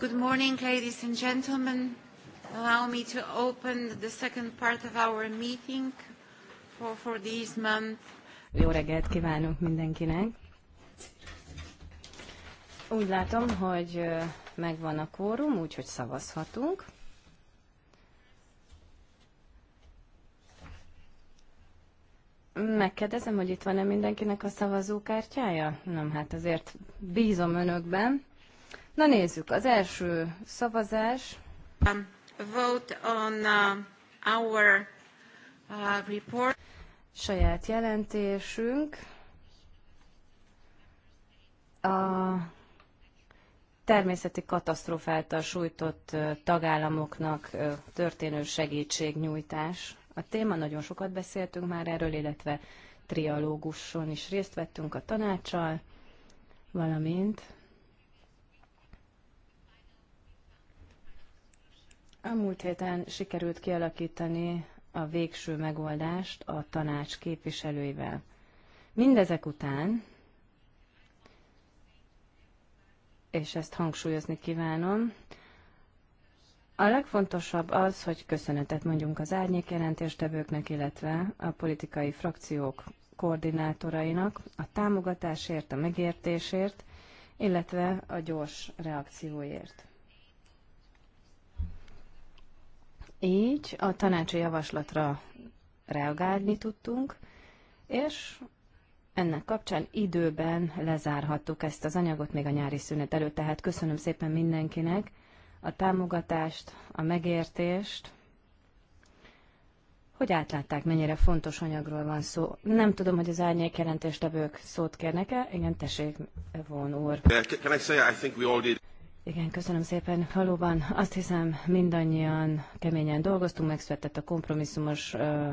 Good morning, ladies and gentlemen. Allow me to open the second part of our meeting for, for this month. Jó reggelt kívánok mindenkinek! Úgy látom, hogy megvan a kórum, úgyhogy szavazhatunk. Megkérdezem, hogy itt van-e mindenkinek a szavazókártyája? Nem, hát azért bízom önökben. Na nézzük, az első szavazás. Um, vote on uh, our uh, report. Saját jelentésünk. A természeti katasztrofáltal sújtott tagállamoknak történő segítségnyújtás. A téma nagyon sokat beszéltünk már erről, illetve trialóguson is részt vettünk a tanácsal, valamint A múlt héten sikerült kialakítani a végső megoldást a tanács képviselőivel. Mindezek után, és ezt hangsúlyozni kívánom, a legfontosabb az, hogy köszönetet mondjunk az árnyék jelentéstevőknek, illetve a politikai frakciók koordinátorainak a támogatásért, a megértésért, illetve a gyors reakcióért. Így a tanácsi javaslatra reagálni tudtunk, és ennek kapcsán időben lezárhattuk ezt az anyagot még a nyári szünet előtt, tehát köszönöm szépen mindenkinek a támogatást, a megértést, hogy átlátták, mennyire fontos anyagról van szó. Nem tudom, hogy az árnyék jelentéstevők szót kérnek-e. Igen, tessék, von úr. Igen, köszönöm szépen. Valóban azt hiszem, mindannyian keményen dolgoztunk, megszületett a kompromisszumos ö,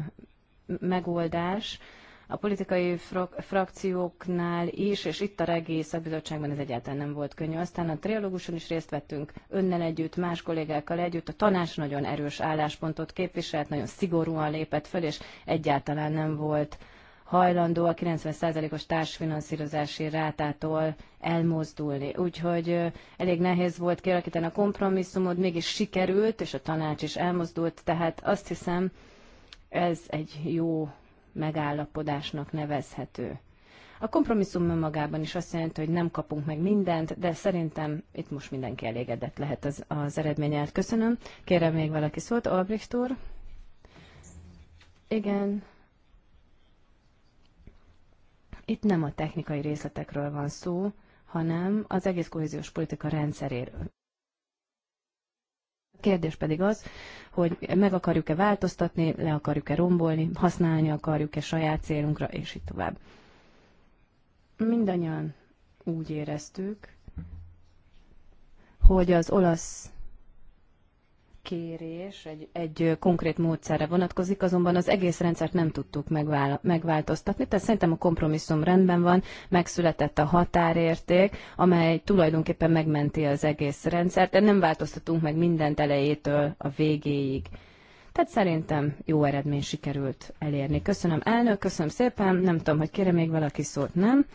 megoldás. A politikai frak- frakcióknál is, és itt a regi szakbizottságban ez egyáltalán nem volt könnyű. Aztán a trialóguson is részt vettünk, önnel együtt, más kollégákkal együtt. A tanács nagyon erős álláspontot képviselt, nagyon szigorúan lépett föl, és egyáltalán nem volt hajlandó a 90%-os társfinanszírozási rátától elmozdulni. Úgyhogy elég nehéz volt kialakítani a kompromisszumot, mégis sikerült, és a tanács is elmozdult, tehát azt hiszem, ez egy jó megállapodásnak nevezhető. A kompromisszum önmagában is azt jelenti, hogy nem kapunk meg mindent, de szerintem itt most mindenki elégedett lehet az, az eredményelt. Köszönöm. Kérem még valaki szót, Albrecht úr. Igen, itt nem a technikai részletekről van szó, hanem az egész kohéziós politika rendszeréről. A kérdés pedig az, hogy meg akarjuk-e változtatni, le akarjuk-e rombolni, használni akarjuk-e saját célunkra, és így tovább. Mindannyian úgy éreztük, hogy az olasz kérés egy, egy konkrét módszerre vonatkozik, azonban az egész rendszert nem tudtuk megvál, megváltoztatni, tehát szerintem a kompromisszum rendben van, megszületett a határérték, amely tulajdonképpen megmenti az egész rendszert, de nem változtatunk meg mindent elejétől a végéig. Tehát szerintem jó eredmény sikerült elérni. Köszönöm elnök, köszönöm szépen, nem tudom, hogy kérem még valaki szót, nem?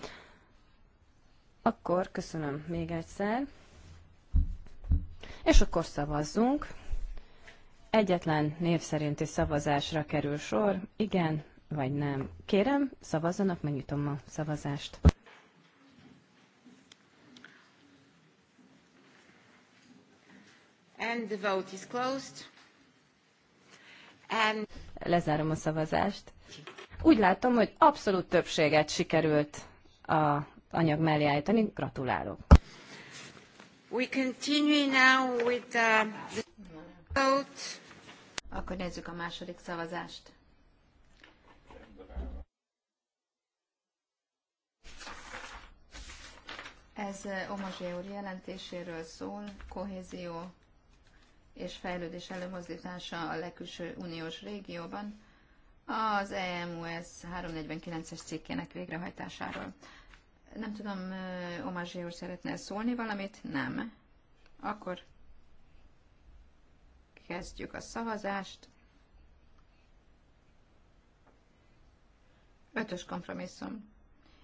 Akkor köszönöm még egyszer. És akkor szavazzunk. Egyetlen név szerinti szavazásra kerül sor, igen vagy nem. Kérem, szavazzanak, megnyitom a szavazást. And the vote is closed. And... Lezárom a szavazást. Úgy látom, hogy abszolút többséget sikerült a anyag mellé állítani. Gratulálok. We continue now with uh, the vote. Akkor nézzük a második szavazást. Ez Omazsé úr jelentéséről szól, kohézió és fejlődés előmozdítása a legkülső uniós régióban, az EMUS 349-es cikkének végrehajtásáról. Nem tudom, Omazsé úr szeretne szólni valamit? Nem. Akkor Kezdjük a szavazást. Ötös kompromisszum.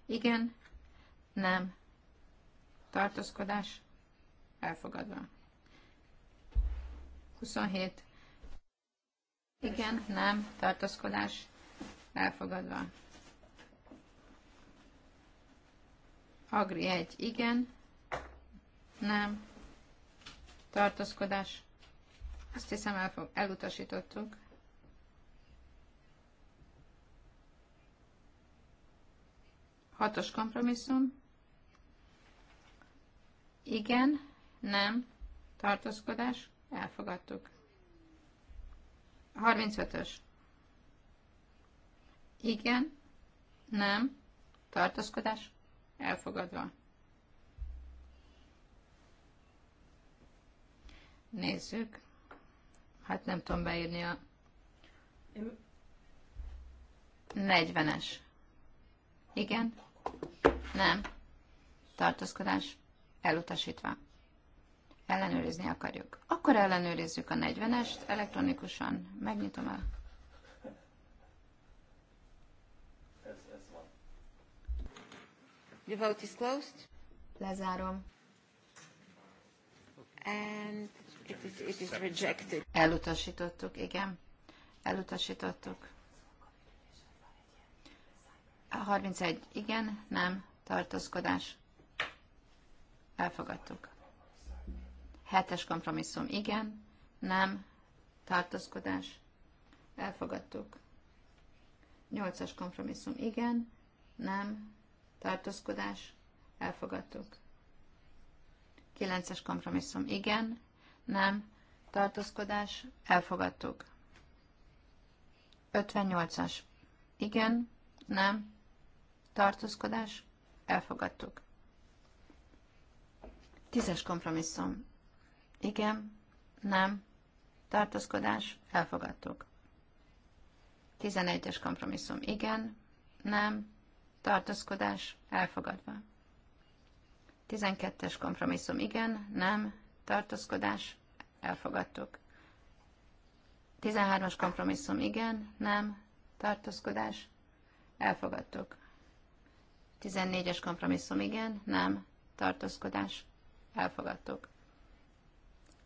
Igen, nem, tartózkodás, elfogadva. 27. Igen, nem, tartózkodás, elfogadva. Agri 1. Igen, nem, tartózkodás, azt hiszem elfog, elutasítottuk. Hatos kompromisszum. Igen, nem, tartózkodás, elfogadtuk. 35-ös. Igen, nem, tartózkodás, elfogadva. Nézzük. Hát nem tudom beírni a... 40-es. Igen? Nem. Tartózkodás elutasítva. Ellenőrizni akarjuk. Akkor ellenőrizzük a 40-est elektronikusan. Megnyitom a... The vote is closed. Lezárom. And Elutasítottuk, igen. Elutasítottuk. 31, igen, nem, tartózkodás. Elfogadtuk. Hetes kompromisszum, igen, nem, tartózkodás. Elfogadtuk. Nyolcas kompromisszum, igen, nem, tartózkodás. Elfogadtuk. Kilences kompromisszum, igen, nem, tartózkodás, elfogadtuk. 58-as, igen, nem, tartózkodás, elfogadtuk. Tízes kompromisszum, igen, nem, tartózkodás, elfogadtuk. 11-es kompromisszum. Igen, nem, tartózkodás, elfogadva. 12-es kompromisszum. Igen, nem, tartózkodás, elfogadtuk. 13-as kompromisszum igen, nem, tartózkodás, elfogadtuk. 14-es kompromisszum igen, nem, tartózkodás, elfogadtuk.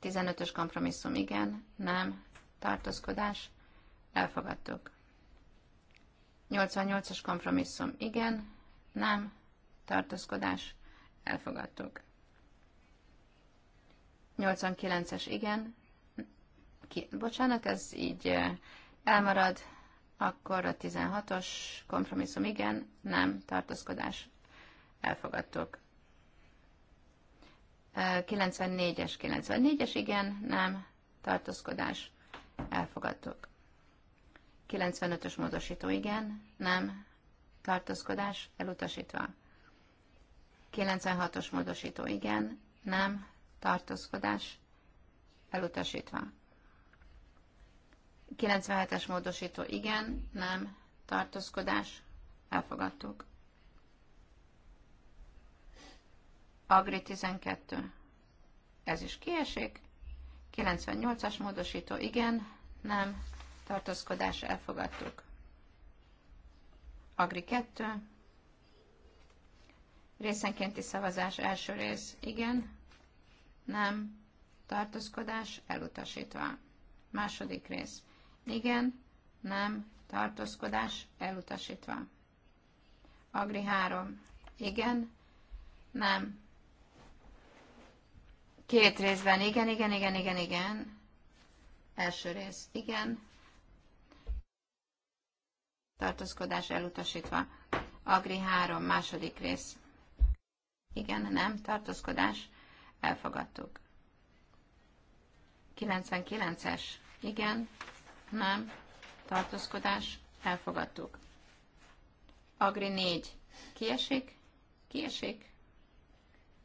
15-ös kompromisszum igen, nem, tartózkodás, elfogadtuk. 88-as kompromisszum igen, nem, tartózkodás, elfogadtuk. 89-es igen. Ki, bocsánat, ez így elmarad. Akkor a 16-os kompromisszum igen, nem, tartózkodás. Elfogadtuk. 94-es, 94-es igen, nem, tartózkodás. Elfogadtuk. 95-ös módosító igen, nem, tartózkodás, elutasítva. 96-os módosító igen, nem, tartózkodás elutasítva. 97-es módosító igen, nem, tartózkodás, elfogadtuk. Agri 12, ez is kiesik. 98-as módosító igen, nem, tartózkodás, elfogadtuk. Agri 2, részenkénti szavazás első rész igen, nem, tartózkodás elutasítva. Második rész. Igen, nem, tartózkodás elutasítva. Agri 3. Igen, nem. Két részben. Igen, igen, igen, igen, igen. Első rész. Igen. Tartózkodás elutasítva. Agri 3. Második rész. Igen, nem. Tartózkodás Elfogadtuk. 99-es. Igen. Nem. Tartózkodás. Elfogadtuk. Agri 4. Kiesik. Kiesik.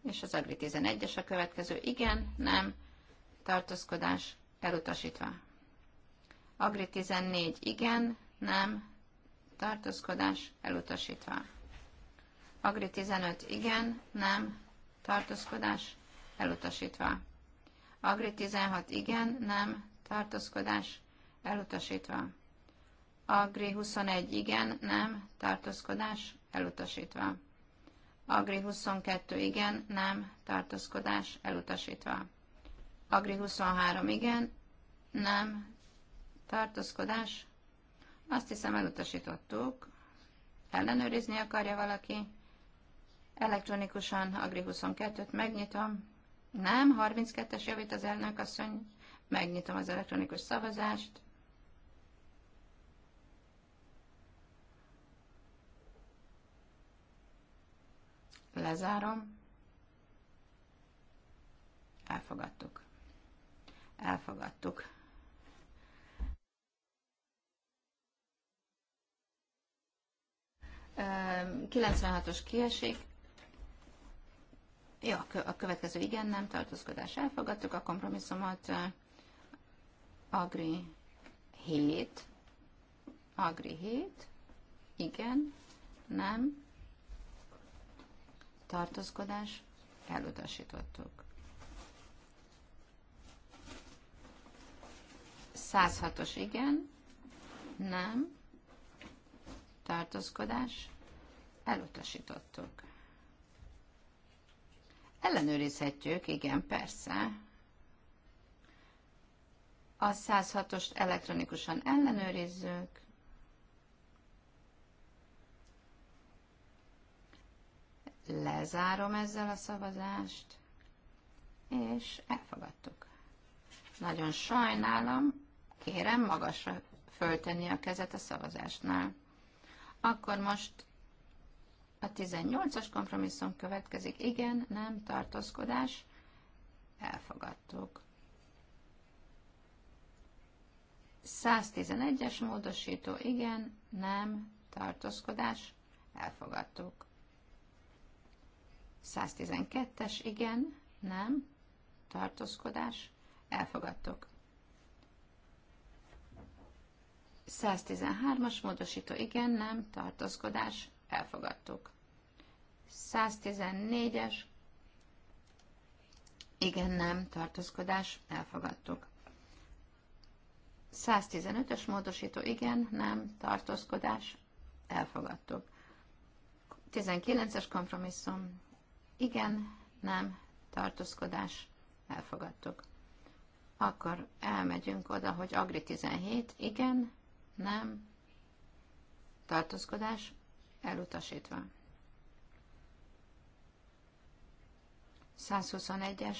És az Agri 11-es a következő. Igen. Nem. Tartózkodás. Elutasítva. Agri 14. Igen. Nem. Tartózkodás. Elutasítva. Agri 15. Igen. Nem. Tartózkodás elutasítva. Agri 16 igen, nem, tartózkodás, elutasítva. Agri 21 igen, nem, tartózkodás, elutasítva. Agri 22 igen, nem, tartózkodás, elutasítva. Agri 23 igen, nem, tartózkodás, azt hiszem elutasítottuk. Ellenőrizni akarja valaki? Elektronikusan Agri 22-t megnyitom. Nem, 32-es javít az elnök asszony. Megnyitom az elektronikus szavazást. Lezárom. Elfogadtuk. Elfogadtuk. Ö, 96-os kiesik. Jó, a következő igen, nem, tartózkodás elfogadtuk, a kompromisszumot Agri 7, Agri 7, igen, nem, tartózkodás elutasítottuk. 106-os igen, nem, tartózkodás elutasítottuk. Ellenőrizhetjük, igen, persze. A 106-ost elektronikusan ellenőrizzük. Lezárom ezzel a szavazást, és elfogadtuk. Nagyon sajnálom, kérem magasra föltenni a kezet a szavazásnál. Akkor most a 18-as kompromisszum következik. Igen, nem, tartózkodás. Elfogadtuk. 111-es módosító. Igen, nem, tartózkodás. Elfogadtuk. 112-es. Igen, nem, tartózkodás. Elfogadtuk. 113-as módosító. Igen, nem, tartózkodás elfogadtuk. 114-es, igen, nem, tartózkodás, elfogadtuk. 115-ös módosító, igen, nem, tartózkodás, elfogadtuk. 19-es kompromisszum, igen, nem, tartózkodás, elfogadtuk. Akkor elmegyünk oda, hogy Agri 17, igen, nem, tartózkodás, elutasítva. 121-es,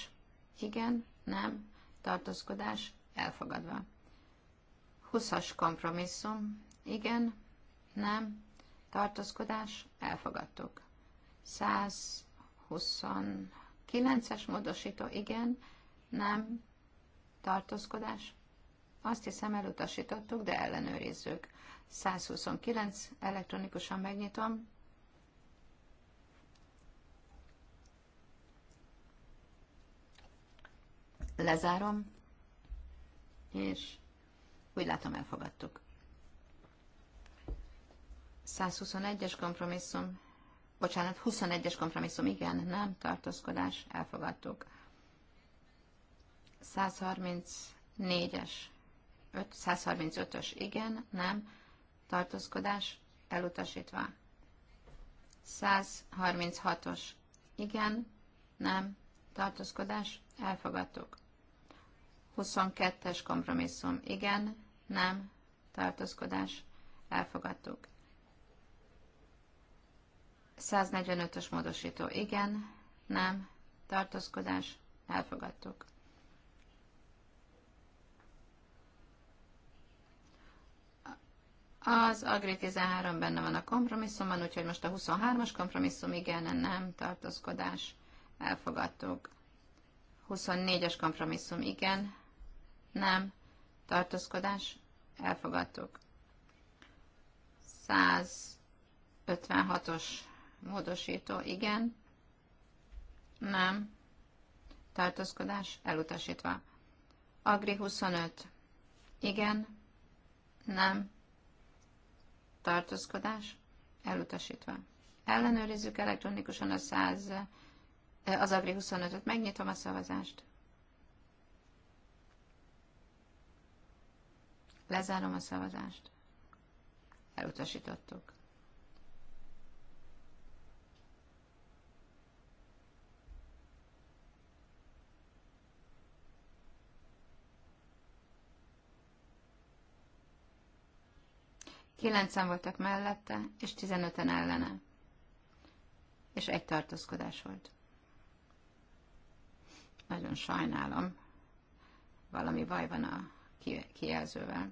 igen, nem, tartózkodás, elfogadva. 20-as kompromisszum, igen, nem, tartózkodás, elfogadtuk. 129-es módosító, igen, nem, tartózkodás, azt hiszem elutasítottuk, de ellenőrizzük. 129, elektronikusan megnyitom. Lezárom, és úgy látom elfogadtuk. 121-es kompromisszum, bocsánat, 21-es kompromisszum, igen, nem, tartózkodás, elfogadtuk. 134-es, 135-ös, igen, nem, tartózkodás elutasítva. 136-os igen, nem, tartózkodás elfogadtuk. 22-es kompromisszum igen, nem, tartózkodás elfogadtuk. 145-ös módosító igen, nem, tartózkodás elfogadtuk. Az Agri 13 benne van a kompromisszumban, úgyhogy most a 23-as kompromisszum igen, nem, tartózkodás, elfogadtuk. 24-es kompromisszum igen, nem, tartózkodás, elfogadtuk. 156-os módosító igen, nem, tartózkodás, elutasítva. Agri 25 igen, nem, tartózkodás elutasítva. Ellenőrizzük elektronikusan a 100, eh, az Agri 25-öt. Megnyitom a szavazást. Lezárom a szavazást. Elutasítottuk. Kilencen voltak mellette, és 15 ellene. És egy tartózkodás volt. Nagyon sajnálom. Valami baj van a kijelzővel.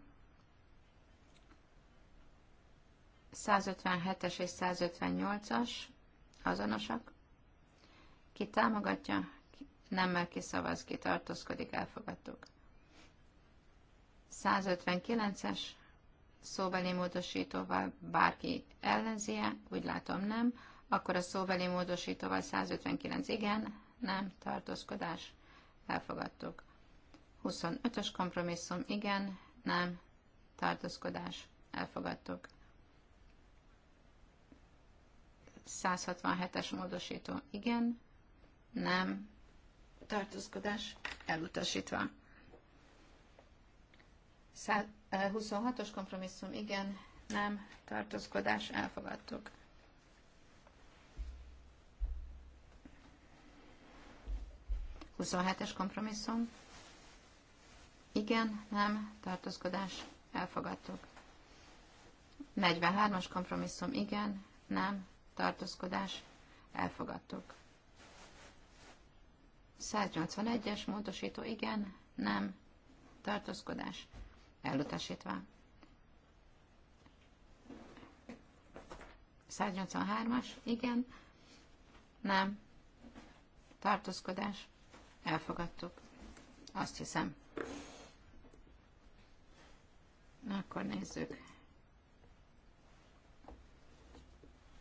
157-es és 158-as azonosak. Ki támogatja, ki szavaz, ki tartózkodik, elfogadtuk. 159-es szóbeli módosítóval bárki ellenzi -e? Úgy látom nem. Akkor a szóbeli módosítóval 159 igen, nem, tartózkodás, elfogadtuk. 25-ös kompromisszum igen, nem, tartózkodás, elfogadtuk. 167-es módosító igen, nem, tartózkodás, elutasítva. 26-os kompromisszum, igen, nem, tartózkodás, elfogadtuk. Huszonhetes kompromisszum. Igen, nem, tartózkodás, elfogadtuk. 43-as kompromisszum. Igen, nem, tartózkodás, elfogadtuk. 181-es módosító. Igen, nem, tartózkodás, elutasítva. 183-as, igen, nem, tartózkodás, elfogadtuk, azt hiszem. Na, akkor nézzük.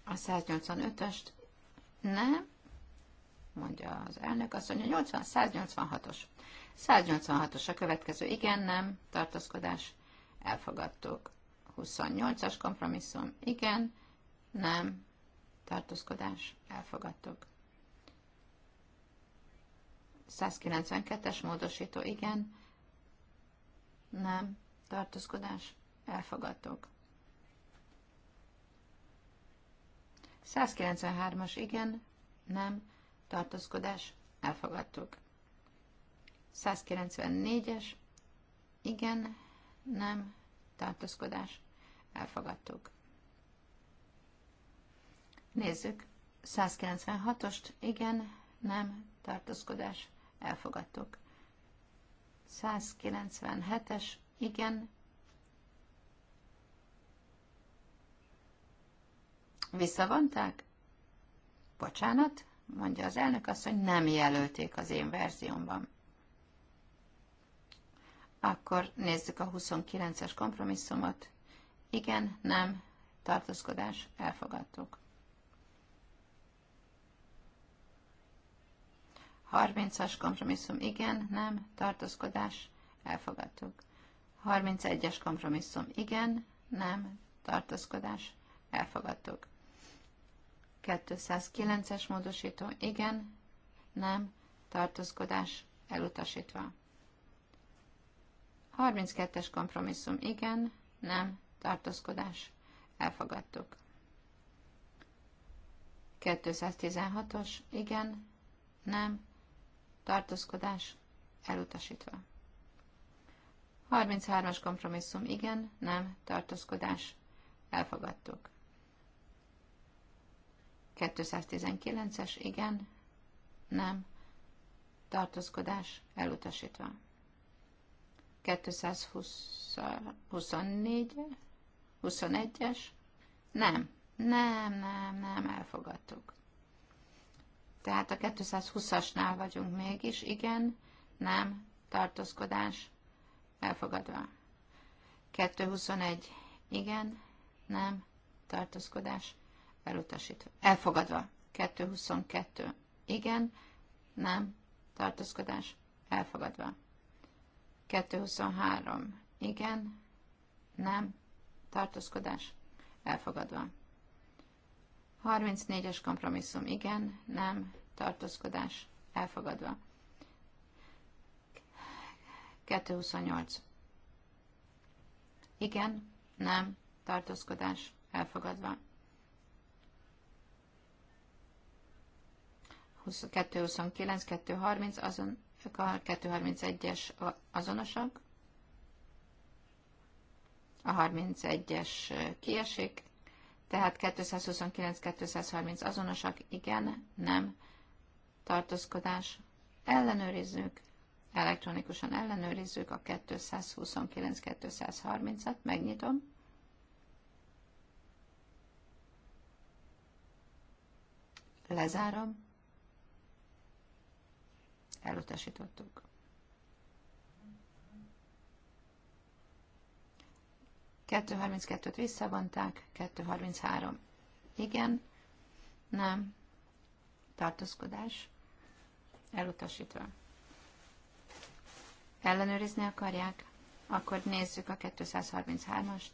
A 185-öst nem, mondja az elnök, azt mondja 80, 186-os 186-os a következő, igen, nem, tartózkodás, elfogadtuk. 28-as kompromisszum, igen, nem, tartózkodás, elfogadtuk. 192-es módosító, igen, nem, tartózkodás, elfogadtuk. 193-as, igen, nem, tartózkodás, elfogadtuk. 194-es, igen, nem, tartózkodás, elfogadtuk. Nézzük, 196-ost, igen, nem, tartózkodás, elfogadtuk. 197-es, igen, Visszavonták? Bocsánat, mondja az elnök azt, hogy nem jelölték az én verziómban. Akkor nézzük a 29-es kompromisszumot. Igen, nem, tartózkodás, elfogadtuk. 30-as kompromisszum, igen, nem, tartózkodás, elfogadtuk. 31-es kompromisszum, igen, nem, tartózkodás, elfogadtuk. 209-es módosító, igen, nem, tartózkodás, elutasítva. 32-es kompromisszum igen, nem, tartózkodás, elfogadtuk. 216-os igen, nem, tartózkodás, elutasítva. 33-as kompromisszum igen, nem, tartózkodás, elfogadtuk. 219-es igen, nem, tartózkodás, elutasítva. 224-21-es. Nem, nem, nem, nem, elfogadtuk. Tehát a 220-asnál vagyunk mégis, igen, nem, tartózkodás, elfogadva. 221, igen, nem, tartózkodás, elutasítva. Elfogadva. 222, igen, nem, tartózkodás, elfogadva. 223. Igen. Nem. Tartózkodás. Elfogadva. 34-es kompromisszum. Igen. Nem. Tartózkodás. Elfogadva. 228. Igen. Nem. Tartózkodás. Elfogadva. 229, 230 azon ők a 231-es azonosak. A 31-es kiesik. Tehát 229-230 azonosak. Igen, nem. Tartózkodás. Ellenőrizzük. Elektronikusan ellenőrizzük a 229-230-at. Megnyitom. Lezárom. Elutasítottuk. Kettő harminckettőt visszavonták, kettő harminchárom. Igen, nem, tartózkodás, elutasítva. Ellenőrizni akarják? Akkor nézzük a 233-ast.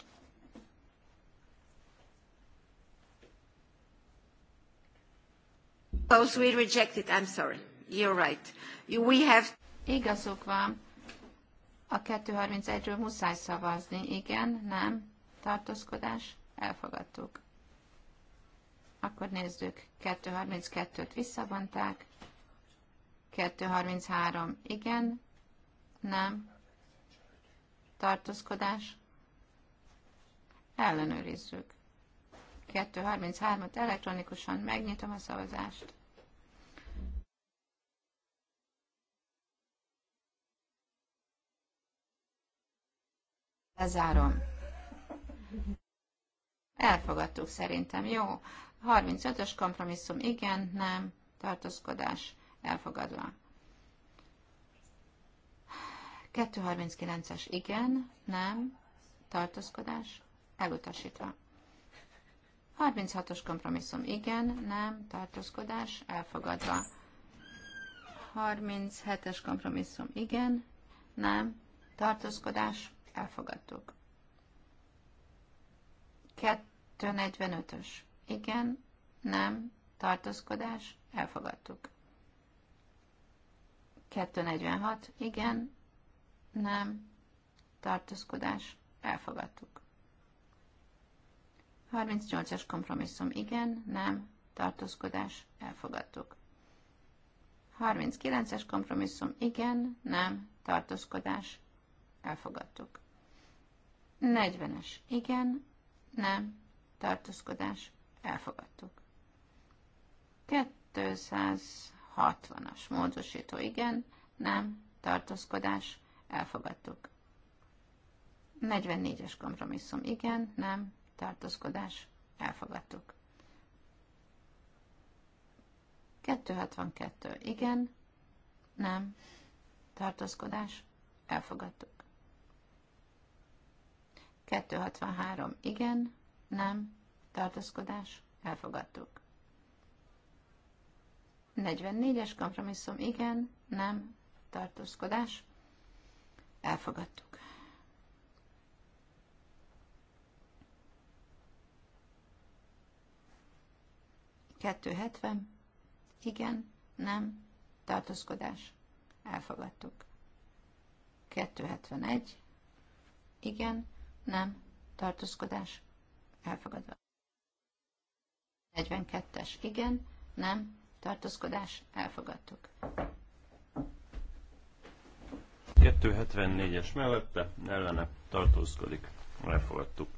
Those we rejected, I'm sorry. You're right. We have... Igazuk van. A 231-ről muszáj szavazni. Igen, nem. Tartózkodás. Elfogadtuk. Akkor nézzük. 232-t visszavonták. 233. Igen. Nem. Tartózkodás. Ellenőrizzük. 233 ot elektronikusan megnyitom a szavazást. Lezárom. Elfogadtuk szerintem, jó. 35-ös kompromisszum, igen, nem, tartózkodás, elfogadva. 239-es, igen, nem, tartózkodás, elutasítva. 36-os kompromisszum, igen, nem, tartózkodás, elfogadva. 37-es kompromisszum, igen, nem, tartózkodás, elfogadtuk. 245-ös, igen, nem, tartózkodás, elfogadtuk. 246, igen, nem, tartózkodás, elfogadtuk. 38-as kompromisszum, igen, nem, tartózkodás, elfogadtuk. 39-es kompromisszum, igen, nem, tartózkodás, elfogadtuk. 40 Igen, nem, tartózkodás, elfogadtuk. 260-as módosító. Igen, nem, tartózkodás, elfogadtuk. 44-es kompromisszum. Igen, nem, tartózkodás, elfogadtuk. 262. Igen, nem, tartózkodás, elfogadtuk. 263. Igen, nem, tartózkodás, elfogadtuk. 44-es kompromisszum, igen, nem, tartózkodás, elfogadtuk. Kettő hetven, igen, nem, tartózkodás, elfogadtuk. 271, igen, nem. Tartózkodás. Elfogadva. 42-es. Igen. Nem. Tartózkodás. Elfogadtuk. 274-es mellette ellene tartózkodik. Elfogadtuk.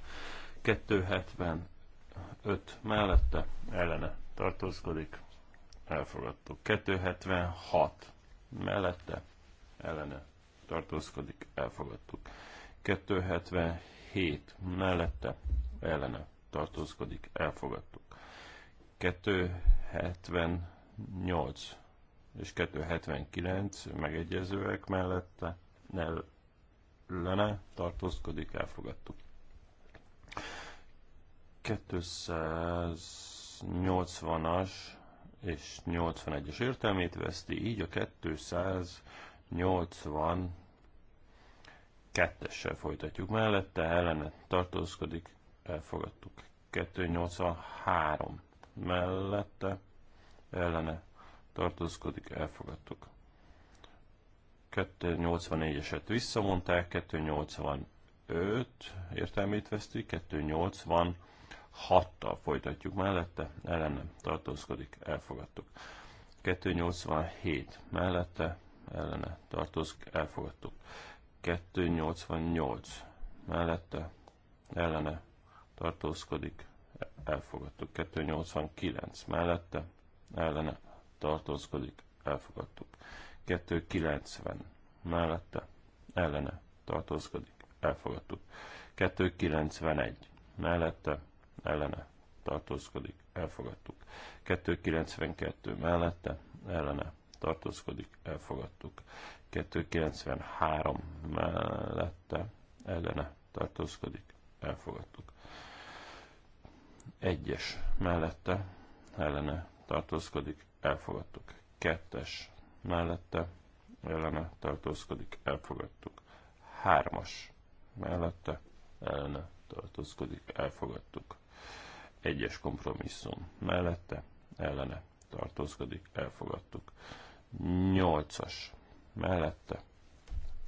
275 mellette ellene tartózkodik. Elfogadtuk. 276 mellette ellene tartózkodik. Elfogadtuk. 277 7 mellette ellene tartózkodik, elfogadtuk. 278 és 279 megegyezőek mellette ellene tartózkodik, elfogadtuk. 280-as és 81-es értelmét veszti, így a 280 kettessel folytatjuk mellette, ellene tartózkodik, elfogadtuk. 283 mellette, ellene tartózkodik, elfogadtuk. 284-eset visszamondták, 285 értelmét veszti, 286-tal folytatjuk mellette, ellene tartózkodik, elfogadtuk. 287 mellette, ellene tartózkodik, elfogadtuk. 288 mellette ellene tartózkodik, elfogadtuk. 289 mellette ellene tartózkodik, elfogadtuk. 290 mellette ellene tartózkodik, elfogadtuk. 291 mellette ellene tartózkodik, elfogadtuk. 292 mellette ellene tartózkodik, elfogadtuk. 92, 93 mellette ellene tartózkodik, elfogadtuk. Egyes mellette ellene tartózkodik, elfogadtuk. Kettes mellette ellene tartózkodik, elfogadtuk. Hármas mellette ellene tartózkodik, elfogadtuk. Egyes kompromisszum mellette ellene tartózkodik, elfogadtuk. Nyolcas mellette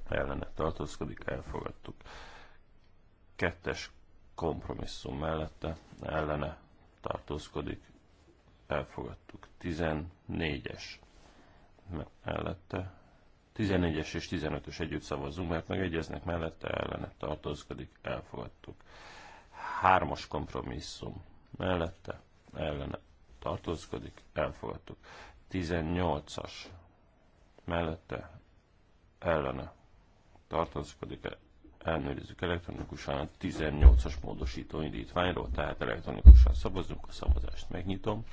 ellene tartózkodik, elfogadtuk. Kettes kompromisszum mellette ellene tartózkodik, elfogadtuk. 14-es mellette 14-es és 15-ös együtt szavazunk, mert megegyeznek mellette ellene tartózkodik, elfogadtuk. Hármas kompromisszum mellette ellene tartózkodik, elfogadtuk. 18-as mellette ellene tartózkodik, ellenőrizzük elektronikusan a 18-as módosító indítványról, tehát elektronikusan szavazunk, a szavazást megnyitom.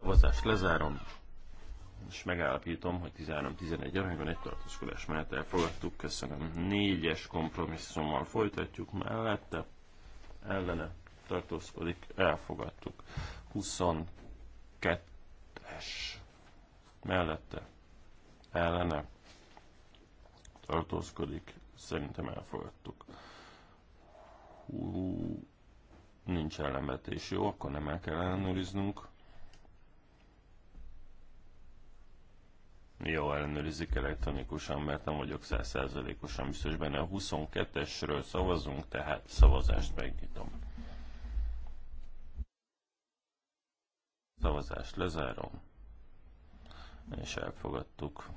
Szavazást lezárom, és megállapítom, hogy 13-11 arányban egy tartózkodás mellett elfogadtuk, köszönöm. Négyes kompromisszummal folytatjuk mellette, ellene tartózkodik, elfogadtuk. 22-es mellette ellene tartózkodik, szerintem elfogadtuk. Hú, nincs ellenvetés, jó, akkor nem el kell ellenőriznünk. Jó, ellenőrizik elektronikusan, mert nem vagyok százszerzelékosan biztos benne. A 22-esről szavazunk, tehát szavazást megnyitom. Szavazást lezárom és elfogadtuk.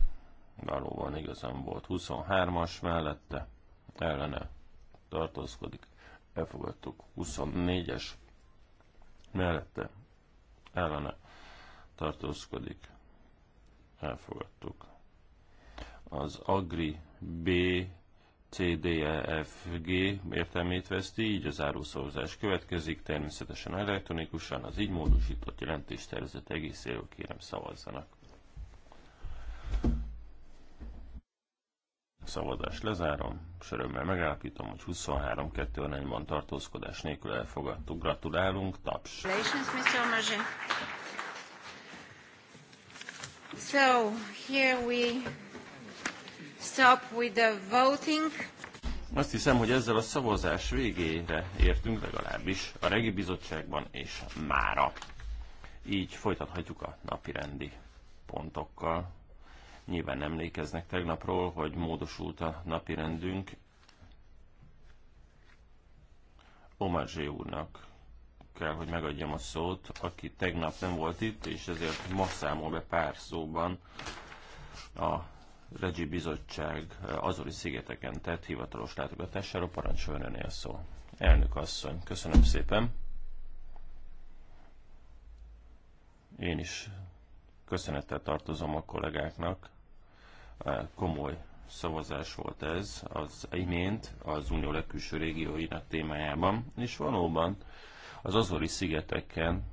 Valóban igazán volt 23-as mellette, ellene tartózkodik, elfogadtuk 24-es mellette, ellene tartózkodik, elfogadtuk. Az Agri B C D E F G értelmét veszti, így az áruszavazás következik, természetesen elektronikusan az így módosított jelentéstervezet egészéről kérem szavazzanak. Szavazást lezárom, és örömmel megállapítom, hogy 23-2 arányban tartózkodás nélkül elfogadtuk. Gratulálunk, taps! So, here we stop with the voting. Azt hiszem, hogy ezzel a szavazás végére értünk legalábbis a regi bizottságban és mára. Így folytathatjuk a napirendi pontokkal. Nyilván emlékeznek tegnapról, hogy módosult a napi rendünk. Omazsé úrnak kell, hogy megadjam a szót, aki tegnap nem volt itt, és ezért ma számol be pár szóban a Regi Bizottság Azori szigeteken tett hivatalos látogatására parancsoljon önél szó. Elnök asszony, köszönöm szépen. Én is köszönettel tartozom a kollégáknak, komoly szavazás volt ez az imént az unió legkülső régióinak témájában, és valóban az Azori szigeteken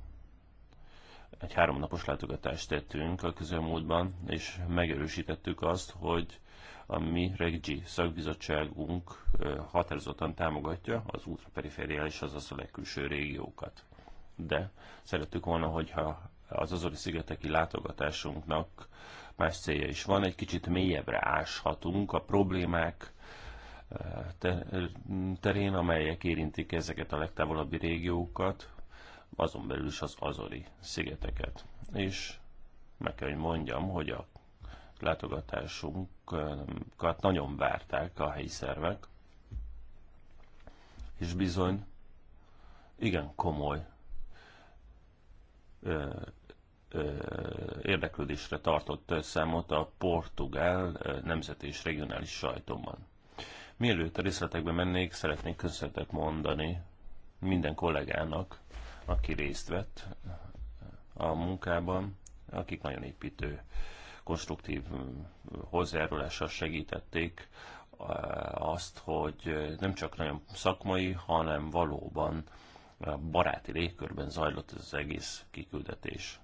egy háromnapos látogatást tettünk a közelmúltban, és megerősítettük azt, hogy a mi REGGI szakbizottságunk határozottan támogatja az ultraperifériális, az azori legkülső régiókat. De szerettük volna, hogyha az azori szigeteki látogatásunknak más célja is van, egy kicsit mélyebbre áshatunk a problémák eh, eh, terén, amelyek érintik ezeket a legtávolabbi régiókat, azon belül is az Azori szigeteket. És meg kell, hogy mondjam, hogy a látogatásunkat nagyon várták a helyi szervek, és bizony igen komoly eh, érdeklődésre tartott számot a portugál nemzeti és regionális sajtóban. Mielőtt a részletekbe mennék, szeretnék köszönetet mondani minden kollégának, aki részt vett a munkában, akik nagyon építő, konstruktív hozzájárulással segítették azt, hogy nem csak nagyon szakmai, hanem valóban baráti légkörben zajlott ez az egész kiküldetés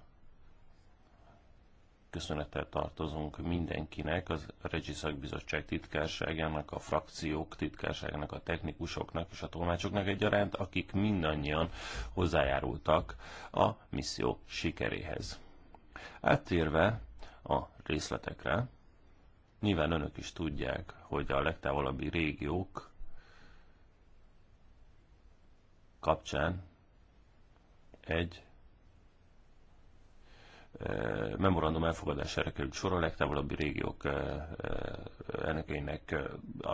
köszönettel tartozunk mindenkinek, az Regi Szakbizottság titkárságának, a frakciók titkárságának, a technikusoknak és a tolmácsoknak egyaránt, akik mindannyian hozzájárultak a misszió sikeréhez. Áttérve a részletekre, nyilván önök is tudják, hogy a legtávolabbi régiók kapcsán egy memorandum elfogadására került sor a legtávolabbi régiók elnökeinek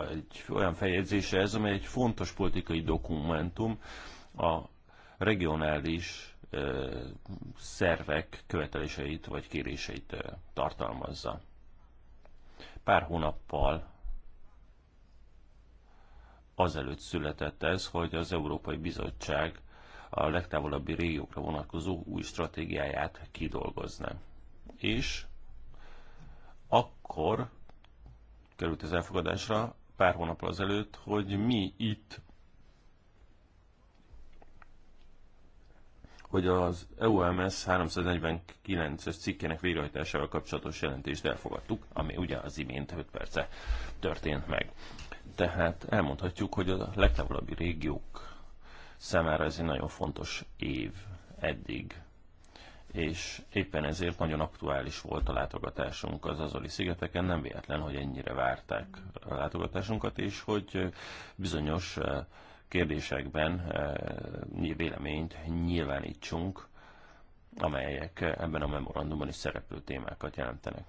egy olyan feljegyzése ez, amely egy fontos politikai dokumentum a regionális szervek követeléseit vagy kéréseit tartalmazza. Pár hónappal azelőtt született ez, hogy az Európai Bizottság a legtávolabbi régiókra vonatkozó új stratégiáját kidolgozna. És akkor került az elfogadásra pár hónap azelőtt, hogy mi itt hogy az EUMS 349-es cikkének végrehajtásával kapcsolatos jelentést elfogadtuk, ami ugye az imént 5 perce történt meg. Tehát elmondhatjuk, hogy a legtávolabbi régiók számára ez egy nagyon fontos év eddig, és éppen ezért nagyon aktuális volt a látogatásunk az Azori szigeteken, nem véletlen, hogy ennyire várták a látogatásunkat, és hogy bizonyos kérdésekben véleményt nyilvánítsunk, amelyek ebben a memorandumban is szereplő témákat jelentenek.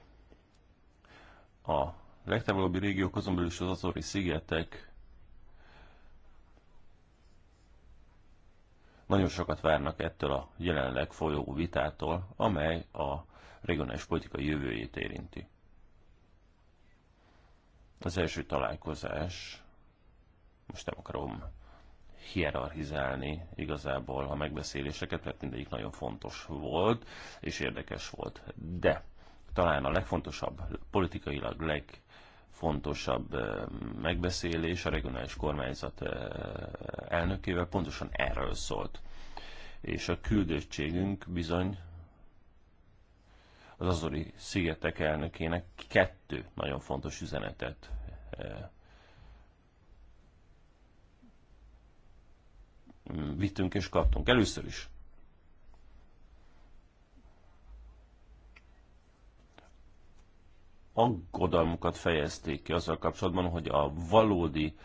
A legtávolabbi régiók azon belül is az Azori szigetek Nagyon sokat várnak ettől a jelenleg folyó vitától, amely a regionális politika jövőjét érinti. Az első találkozás, most nem akarom hierarchizálni igazából a megbeszéléseket, mert mindegyik nagyon fontos volt és érdekes volt. De talán a legfontosabb, politikailag leg legfontosabb megbeszélés a regionális kormányzat elnökével pontosan erről szólt. És a küldöttségünk bizony az Azori szigetek elnökének kettő nagyon fontos üzenetet vittünk és kaptunk. Először is aggodalmukat fejezték ki azzal kapcsolatban, hogy a valódi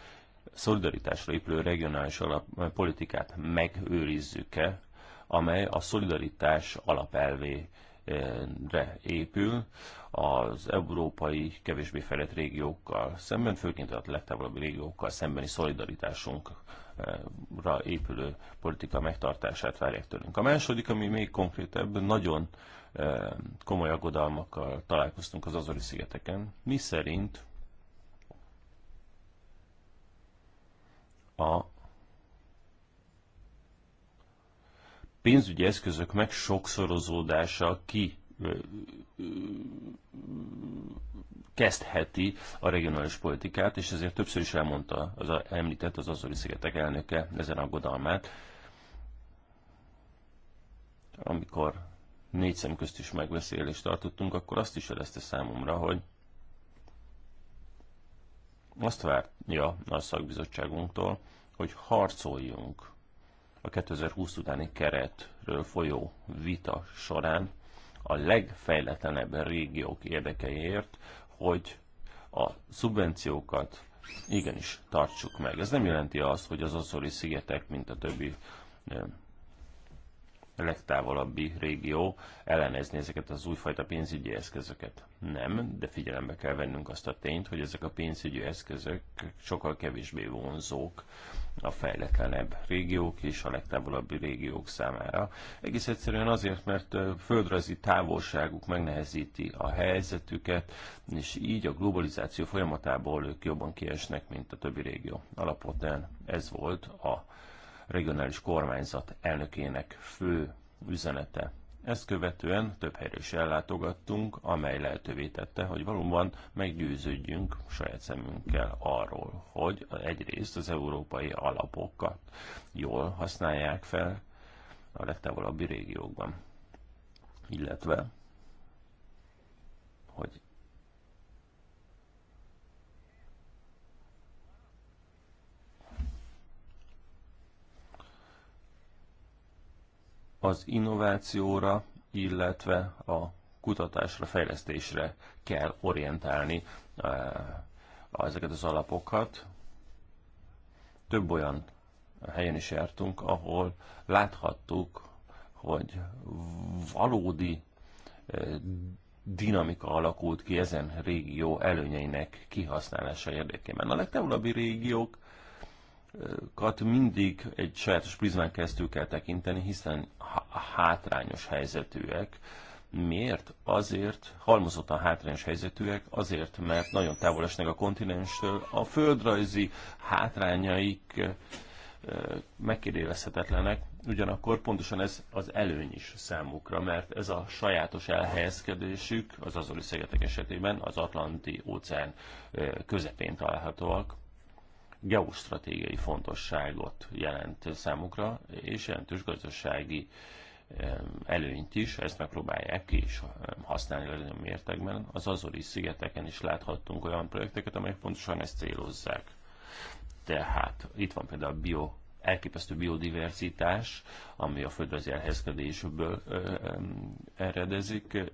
szolidaritásra épülő regionális alap, eh, politikát megőrizzük-e, amely a szolidaritás alapelvé re épül az európai kevésbé fejlett régiókkal szemben, főként a legtávolabbi régiókkal szembeni szolidaritásunkra épülő politika megtartását várják tőlünk. A második, ami még konkrétebb, nagyon eh, komoly aggodalmakkal találkoztunk az Azori szigeteken, mi szerint a pénzügyi eszközök meg sokszorozódása ki kezdheti a regionális politikát, és ezért többször is elmondta az a, említett az Azori szigetek elnöke ezen aggodalmát, amikor négy szem közt is megbeszélést tartottunk, akkor azt is jelezte számomra, hogy azt várja a szakbizottságunktól, hogy harcoljunk a 2020 utáni keretről folyó vita során a legfejletlenebb régiók érdekeiért, hogy a szubvenciókat igenis tartsuk meg. Ez nem jelenti azt, hogy az Azori szigetek, mint a többi eh, legtávolabbi régió ellenezni ezeket az újfajta pénzügyi eszközöket. Nem, de figyelembe kell vennünk azt a tényt, hogy ezek a pénzügyi eszközök sokkal kevésbé vonzók a fejletlenebb régiók és a legtávolabbi régiók számára. Egész egyszerűen azért, mert földrajzi távolságuk megnehezíti a helyzetüket, és így a globalizáció folyamatából ők jobban kiesnek, mint a többi régió. Alapvetően ez volt a regionális kormányzat elnökének fő üzenete. Ezt követően több helyre is ellátogattunk, amely lehetővé tette, hogy valóban meggyőződjünk saját szemünkkel arról, hogy egyrészt az európai alapokat jól használják fel a legtávolabbi régiókban, illetve hogy az innovációra, illetve a kutatásra, fejlesztésre kell orientálni eh, ezeket az alapokat. Több olyan helyen is jártunk, ahol láthattuk, hogy valódi eh, dinamika alakult ki ezen régió előnyeinek kihasználása érdekében. A legtávolabbi régiók kat mindig egy sajátos prizmán keresztül kell tekinteni, hiszen hátrányos helyzetűek. Miért? Azért, halmozottan hátrányos helyzetűek, azért, mert nagyon távol esnek a kontinenstől. A földrajzi hátrányaik megkérdőjelezhetetlenek, ugyanakkor pontosan ez az előny is számukra, mert ez a sajátos elhelyezkedésük az azori szigetek esetében az Atlanti óceán közepén találhatóak, geostratégiai fontosságot jelent számukra, és jelentős gazdasági előnyt is, ezt megpróbálják ki is használni legnagyobb mértékben. Az Azori szigeteken is láthattunk olyan projekteket, amelyek pontosan ezt célozzák. Tehát itt van például a bio elképesztő biodiverzitás, ami a földrajzi elhelyezkedésből eredezik,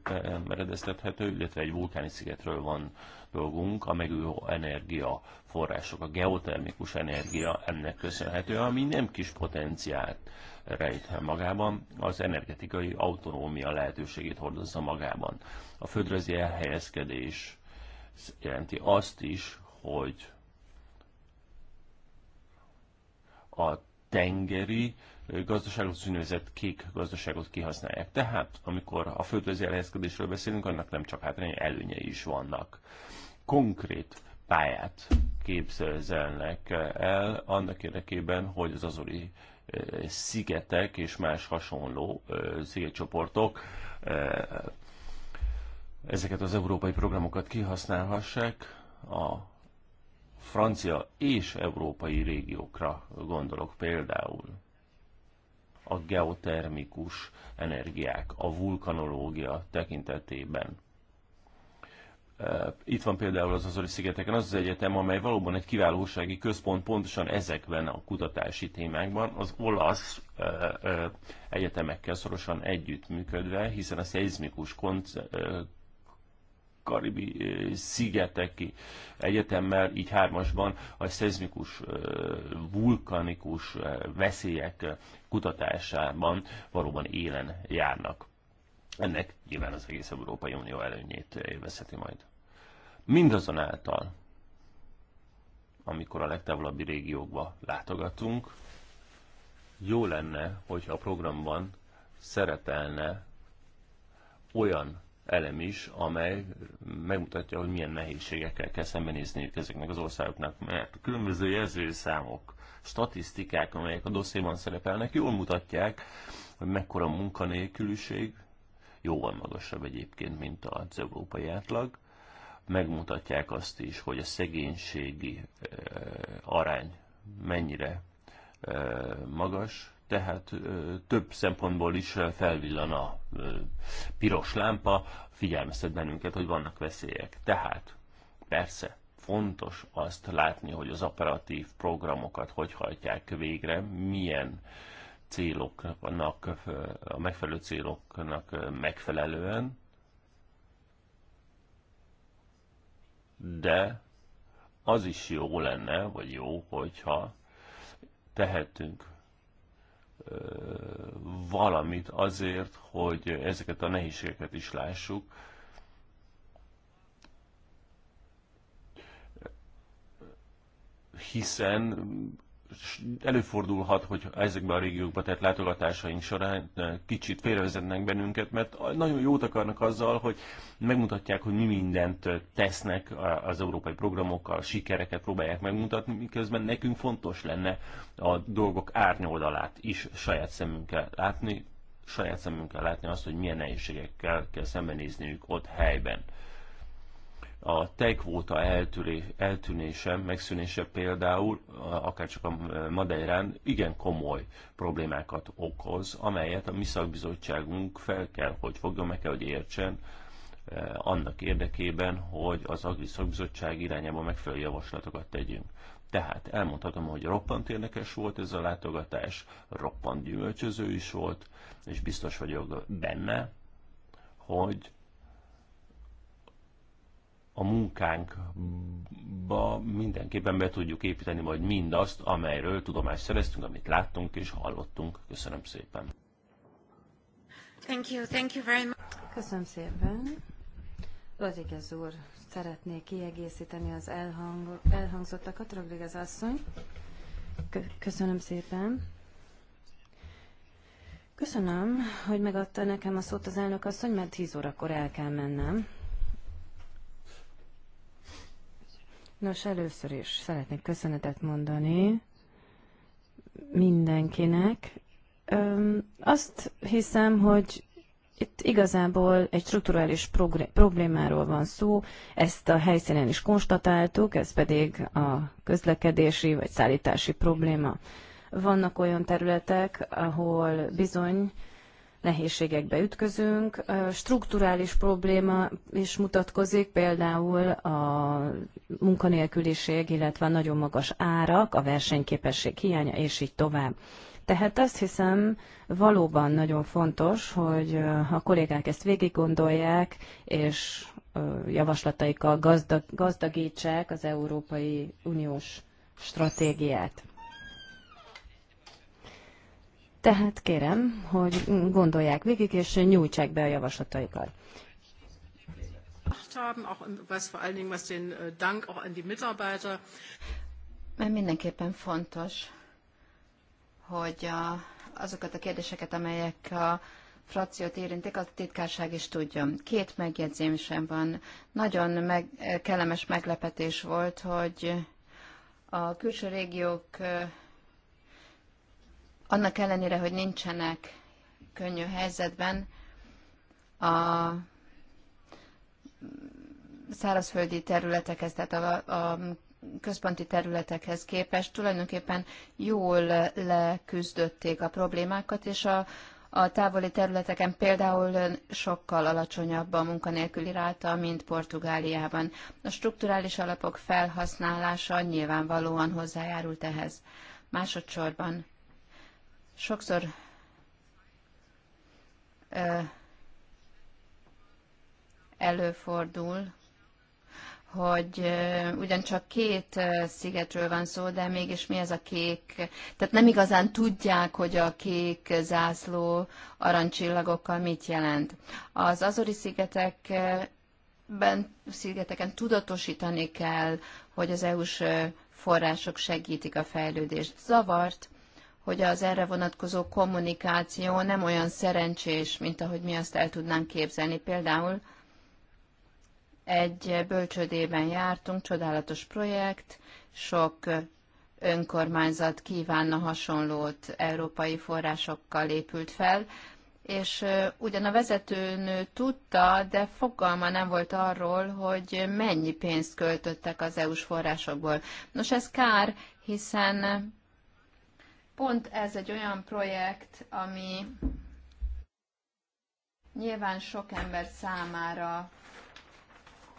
eredeztethető, illetve egy vulkáni szigetről van dolgunk, a megújuló energia források, a geotermikus energia ennek köszönhető, ami nem kis potenciált rejt magában, az energetikai autonómia lehetőségét hordozza magában. A földrajzi elhelyezkedés jelenti azt is, hogy a tengeri gazdaságot, az úgynevezett kék gazdaságot kihasználják. Tehát, amikor a földrajzi elhelyezkedésről beszélünk, annak nem csak hátrányai, előnyei is vannak. Konkrét pályát képzelnek el annak érdekében, hogy az azori szigetek és más hasonló szigetcsoportok ezeket az európai programokat kihasználhassák. A francia és európai régiókra gondolok például. A geotermikus energiák, a vulkanológia tekintetében. Itt van például az Azori szigeteken az az egyetem, amely valóban egy kiválósági központ pontosan ezekben a kutatási témákban, az olasz egyetemekkel szorosan együttműködve, hiszen a szeizmikus karibi szigeteki egyetemmel, így hármasban a szezmikus, vulkanikus veszélyek kutatásában valóban élen járnak. Ennek nyilván az egész Európai Unió előnyét élvezheti majd. Mindazonáltal, amikor a legtávolabbi régiókba látogatunk, jó lenne, hogyha a programban szeretelne olyan elem is, amely megmutatja, hogy milyen nehézségekkel kell szembenézniük ezeknek az országoknak, mert a különböző jelzőszámok, statisztikák, amelyek a dosszéban szerepelnek, jól mutatják, hogy mekkora munkanélküliség, jóval magasabb egyébként, mint az európai átlag, megmutatják azt is, hogy a szegénységi eh, arány mennyire eh, magas, tehát több szempontból is felvillan a piros lámpa, figyelmeztet bennünket, hogy vannak veszélyek. Tehát persze fontos azt látni, hogy az operatív programokat hogy hajtják végre, milyen céloknak, a megfelelő céloknak megfelelően, de az is jó lenne, vagy jó, hogyha tehetünk valamit azért, hogy ezeket a nehézségeket is lássuk. Hiszen előfordulhat, hogy ezekben a régiókban tett látogatásaink során kicsit félrevezetnek bennünket, mert nagyon jót akarnak azzal, hogy megmutatják, hogy mi mindent tesznek az európai programokkal, sikereket próbálják megmutatni, miközben nekünk fontos lenne a dolgok árnyoldalát is saját szemünkkel látni, saját szemünkkel látni azt, hogy milyen nehézségekkel kell szembenézniük ott helyben a tejkvóta eltűnése, megszűnése például, akár csak a Madeirán, igen komoly problémákat okoz, amelyet a mi szakbizottságunk fel kell, hogy fogjon, meg kell, hogy értsen, e, annak érdekében, hogy az Agri Szakbizottság irányába megfelelő javaslatokat tegyünk. Tehát elmondhatom, hogy roppant érdekes volt ez a látogatás, roppant gyümölcsöző is volt, és biztos vagyok benne, hogy a munkánkba mindenképpen be tudjuk építeni majd mindazt, amelyről tudomást szereztünk, amit láttunk és hallottunk. Köszönöm szépen. Thank you, thank you very much. Köszönöm szépen. Rodriguez úr, szeretnék kiegészíteni az elhang, elhangzottakat. Rodriguez asszony, köszönöm szépen. Köszönöm, hogy megadta nekem a szót az elnök asszony, mert 10 órakor el kell mennem. Nos, először is szeretnék köszönetet mondani mindenkinek. Öm, azt hiszem, hogy itt igazából egy strukturális problémáról van szó, ezt a helyszínen is konstatáltuk, ez pedig a közlekedési vagy szállítási probléma. Vannak olyan területek, ahol bizony nehézségekbe ütközünk. Strukturális probléma is mutatkozik, például a munkanélküliség, illetve a nagyon magas árak, a versenyképesség hiánya, és így tovább. Tehát azt hiszem, valóban nagyon fontos, hogy a kollégák ezt végig gondolják, és javaslataikkal gazdag, gazdagítsák az Európai Uniós stratégiát. Tehát kérem, hogy gondolják végig, és nyújtsák be a javaslataikat. Mert mindenképpen fontos, hogy a, azokat a kérdéseket, amelyek a frakciót érintik, a titkárság is tudja. Két megjegyzésem van. Nagyon meg, kellemes meglepetés volt, hogy a külső régiók annak ellenére, hogy nincsenek könnyű helyzetben, a szárazföldi területekhez, tehát a, a központi területekhez képest tulajdonképpen jól leküzdötték a problémákat, és a, a távoli területeken például sokkal alacsonyabb a munkanélküli ráta, mint Portugáliában. A strukturális alapok felhasználása nyilvánvalóan hozzájárult ehhez. Másodszorban sokszor előfordul, hogy ugyancsak két szigetről van szó, de mégis mi ez a kék? Tehát nem igazán tudják, hogy a kék zászló arancsillagokkal mit jelent. Az Azori Ben, szigeteken tudatosítani kell, hogy az EU-s források segítik a fejlődést. Zavart hogy az erre vonatkozó kommunikáció nem olyan szerencsés, mint ahogy mi azt el tudnánk képzelni. Például egy bölcsödében jártunk, csodálatos projekt, sok önkormányzat kívánna hasonlót európai forrásokkal épült fel, és ugyan a vezetőnő tudta, de fogalma nem volt arról, hogy mennyi pénzt költöttek az EU-s forrásokból. Nos, ez kár, hiszen Pont ez egy olyan projekt, ami nyilván sok ember számára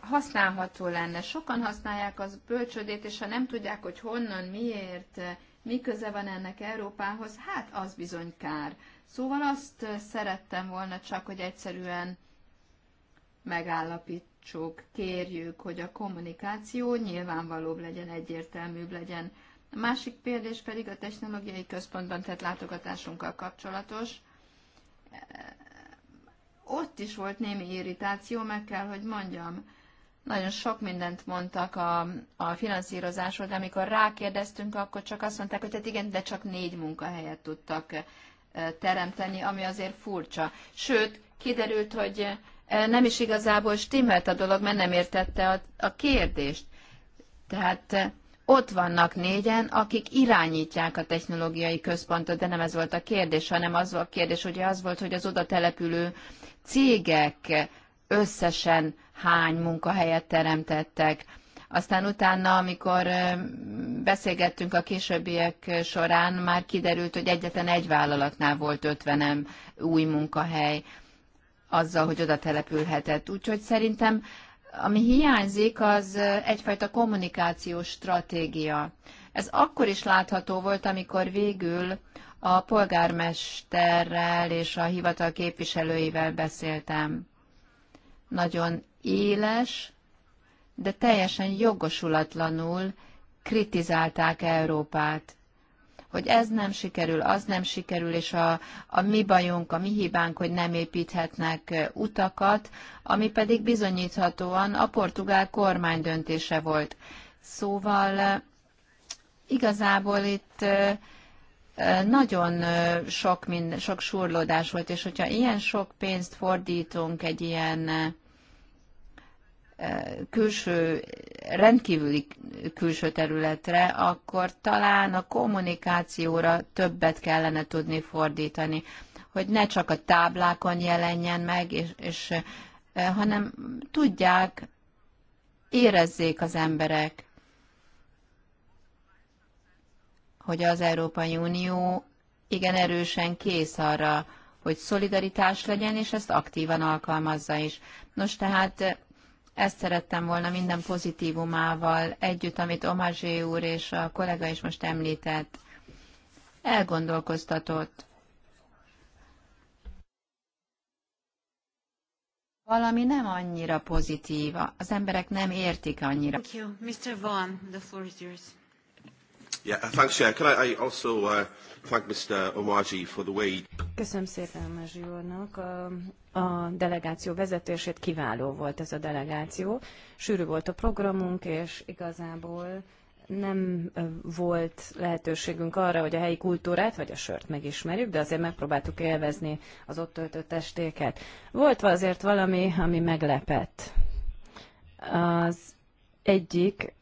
használható lenne. Sokan használják az bölcsödét, és ha nem tudják, hogy honnan, miért, mi köze van ennek Európához, hát az bizony kár. Szóval azt szerettem volna csak, hogy egyszerűen megállapítsuk, kérjük, hogy a kommunikáció nyilvánvalóbb legyen, egyértelműbb legyen. A másik kérdés pedig a technológiai központban tett látogatásunkkal kapcsolatos. Ott is volt némi irritáció, meg kell, hogy mondjam. Nagyon sok mindent mondtak a, a finanszírozásról, de amikor rákérdeztünk, akkor csak azt mondták, hogy hát igen, de csak négy munkahelyet tudtak e, teremteni, ami azért furcsa. Sőt, kiderült, hogy e, nem is igazából stimmelt a dolog, mert nem értette a, a kérdést. Tehát e, ott vannak négyen, akik irányítják a technológiai központot, de nem ez volt a kérdés, hanem az volt a kérdés, hogy az volt, hogy az oda települő cégek összesen hány munkahelyet teremtettek. Aztán utána, amikor beszélgettünk a későbbiek során, már kiderült, hogy egyetlen egy vállalatnál volt 50 új munkahely azzal, hogy oda települhetett. Úgyhogy szerintem ami hiányzik, az egyfajta kommunikációs stratégia. Ez akkor is látható volt, amikor végül a polgármesterrel és a hivatal képviselőivel beszéltem. Nagyon éles, de teljesen jogosulatlanul kritizálták Európát hogy ez nem sikerül, az nem sikerül, és a, a mi bajunk, a mi hibánk, hogy nem építhetnek utakat, ami pedig bizonyíthatóan a portugál kormány döntése volt. Szóval igazából itt nagyon sok, minden, sok surlódás volt, és hogyha ilyen sok pénzt fordítunk egy ilyen külső, rendkívüli külső területre, akkor talán a kommunikációra többet kellene tudni fordítani, hogy ne csak a táblákon jelenjen meg, és, és hanem tudják, érezzék az emberek, hogy az Európai Unió igen erősen kész arra, hogy szolidaritás legyen, és ezt aktívan alkalmazza is. Nos, tehát ezt szerettem volna minden pozitívumával együtt, amit Omazsé úr és a kollega is most említett, elgondolkoztatott. Valami nem annyira pozitíva. Az emberek nem értik annyira. Thank you. Mr. Vaughan, the floor is yours. Yeah, thanks, yeah. Can I, I also uh, thank Mr. Omaji for the way. Köszönöm szépen Mazsi úrnak. A, a delegáció vezetését kiváló volt ez a delegáció. Sűrű volt a programunk, és igazából nem volt lehetőségünk arra, hogy a helyi kultúrát vagy a sört megismerjük, de azért megpróbáltuk élvezni az ott töltött estéket. Volt azért valami, ami meglepett. Az egyik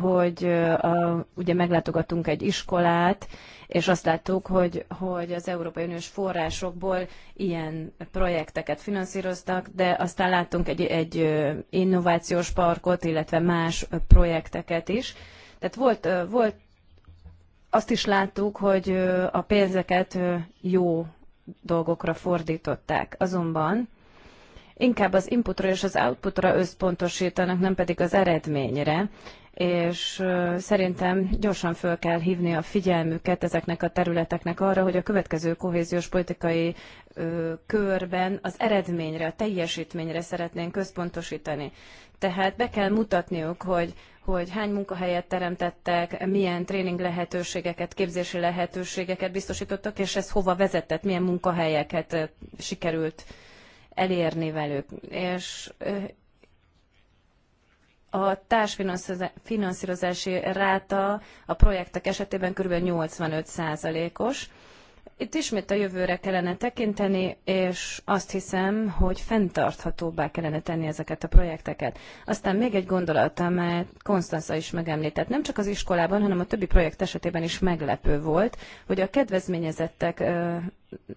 hogy a, ugye meglátogatunk egy iskolát, és azt láttuk, hogy, hogy az Európai Uniós forrásokból ilyen projekteket finanszíroztak, de aztán láttunk egy, egy innovációs parkot, illetve más projekteket is. Tehát volt, volt azt is láttuk, hogy a pénzeket jó dolgokra fordították. Azonban inkább az inputra és az outputra összpontosítanak, nem pedig az eredményre és szerintem gyorsan föl kell hívni a figyelmüket ezeknek a területeknek arra, hogy a következő kohéziós politikai körben az eredményre, a teljesítményre szeretnénk központosítani. Tehát be kell mutatniuk, hogy, hogy hány munkahelyet teremtettek, milyen tréning lehetőségeket, képzési lehetőségeket biztosítottak, és ez hova vezetett, milyen munkahelyeket sikerült elérni velük. És a társfinanszírozási ráta a projektek esetében kb. 85%-os. Itt ismét a jövőre kellene tekinteni, és azt hiszem, hogy fenntarthatóbbá kellene tenni ezeket a projekteket. Aztán még egy gondolat, amelyet Konstanza is megemlített. Nem csak az iskolában, hanem a többi projekt esetében is meglepő volt, hogy a kedvezményezettek ö,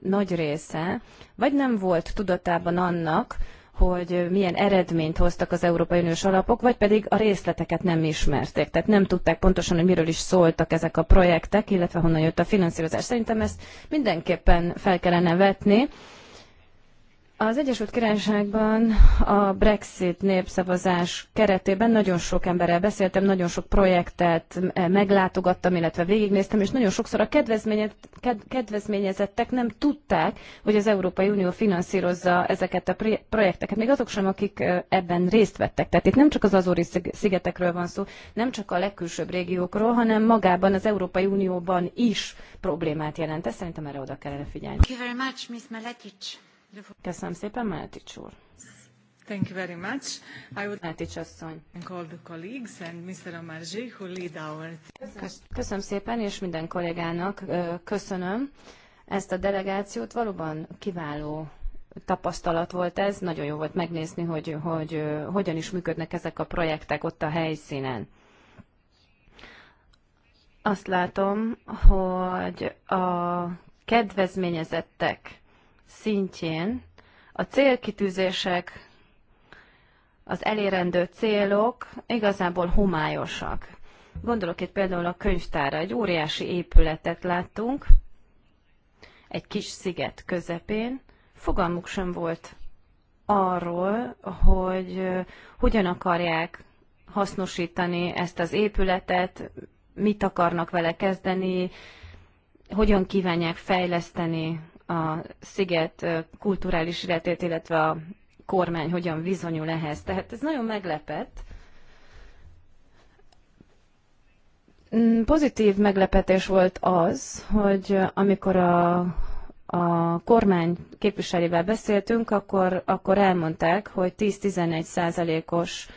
nagy része vagy nem volt tudatában annak, hogy milyen eredményt hoztak az Európai Uniós alapok, vagy pedig a részleteket nem ismerték. Tehát nem tudták pontosan, hogy miről is szóltak ezek a projektek, illetve honnan jött a finanszírozás. Szerintem ezt mindenképpen fel kellene vetni, az Egyesült Királyságban a Brexit népszavazás keretében nagyon sok emberrel beszéltem, nagyon sok projektet eh, meglátogattam, illetve végignéztem, és nagyon sokszor a kedvezményezettek nem tudták, hogy az Európai Unió finanszírozza ezeket a projekteket, még azok sem, akik eh, ebben részt vettek. Tehát itt nem csak az Azori szigetekről van szó, nem csak a legkülsőbb régiókról, hanem magában az Európai Unióban is problémát jelent. Ez szerintem erre oda kellene figyelni. Thank you very much, Ms. Köszönöm szépen, Meletics úr. Thank you very much. I would Meletics asszony. Call the colleagues and Mr. Amarji, who lead our... Köszönöm szépen, és minden kollégának köszönöm ezt a delegációt. Valóban kiváló tapasztalat volt ez, nagyon jó volt megnézni, hogy, hogy hogyan is működnek ezek a projektek ott a helyszínen. Azt látom, hogy a kedvezményezettek szintjén a célkitűzések, az elérendő célok igazából homályosak. Gondolok itt például a könyvtára. Egy óriási épületet láttunk, egy kis sziget közepén. Fogalmuk sem volt arról, hogy hogyan akarják hasznosítani ezt az épületet, mit akarnak vele kezdeni, hogyan kívánják fejleszteni a sziget kulturális életét, illetve a kormány hogyan viszonyul ehhez. Tehát ez nagyon meglepett. Mm, pozitív meglepetés volt az, hogy amikor a, a kormány képviselővel beszéltünk, akkor, akkor elmondták, hogy 10-11 százalékos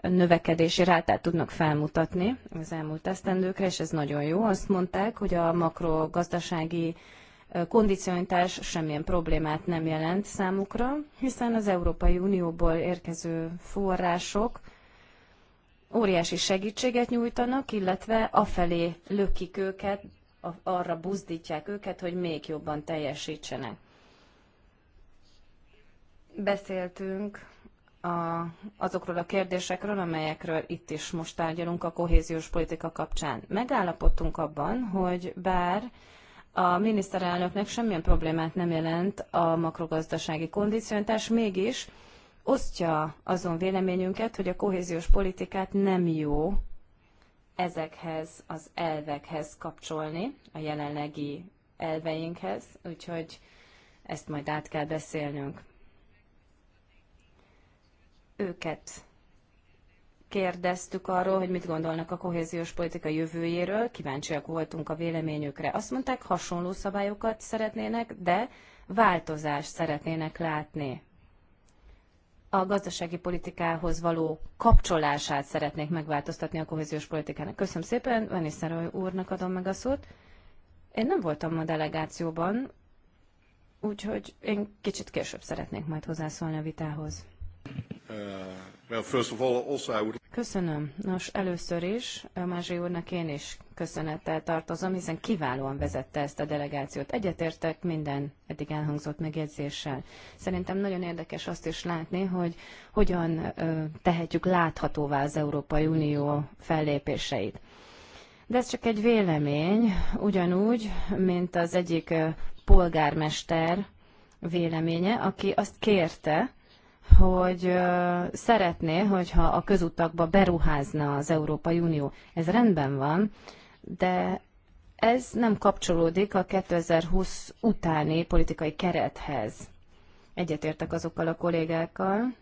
növekedési rátát tudnak felmutatni az elmúlt esztendőkre, és ez nagyon jó. Azt mondták, hogy a makrogazdasági kondicionitás semmilyen problémát nem jelent számukra, hiszen az Európai Unióból érkező források óriási segítséget nyújtanak, illetve afelé lökik őket, arra buzdítják őket, hogy még jobban teljesítsenek. Beszéltünk a, azokról a kérdésekről, amelyekről itt is most tárgyalunk a kohéziós politika kapcsán. Megállapodtunk abban, hogy bár a miniszterelnöknek semmilyen problémát nem jelent a makrogazdasági kondicionitás, mégis osztja azon véleményünket, hogy a kohéziós politikát nem jó ezekhez az elvekhez kapcsolni, a jelenlegi elveinkhez, úgyhogy ezt majd át kell beszélnünk. Őket kérdeztük arról, hogy mit gondolnak a kohéziós politika jövőjéről, kíváncsiak voltunk a véleményükre. Azt mondták, hasonló szabályokat szeretnének, de változást szeretnének látni. A gazdasági politikához való kapcsolását szeretnék megváltoztatni a kohéziós politikának. Köszönöm szépen, Veniszeroly úrnak adom meg a szót. Én nem voltam a delegációban, úgyhogy én kicsit később szeretnék majd hozzászólni a vitához. Uh, Köszönöm. Nos, először is uh, Mázsi úrnak én is köszönettel tartozom, hiszen kiválóan vezette ezt a delegációt. Egyetértek minden eddig elhangzott megjegyzéssel. Szerintem nagyon érdekes azt is látni, hogy hogyan uh, tehetjük láthatóvá az Európai Unió fellépéseit. De ez csak egy vélemény, ugyanúgy, mint az egyik polgármester véleménye, aki azt kérte, hogy szeretné, hogyha a közutakba beruházna az Európai Unió. Ez rendben van, de ez nem kapcsolódik a 2020 utáni politikai kerethez. Egyetértek azokkal a kollégákkal,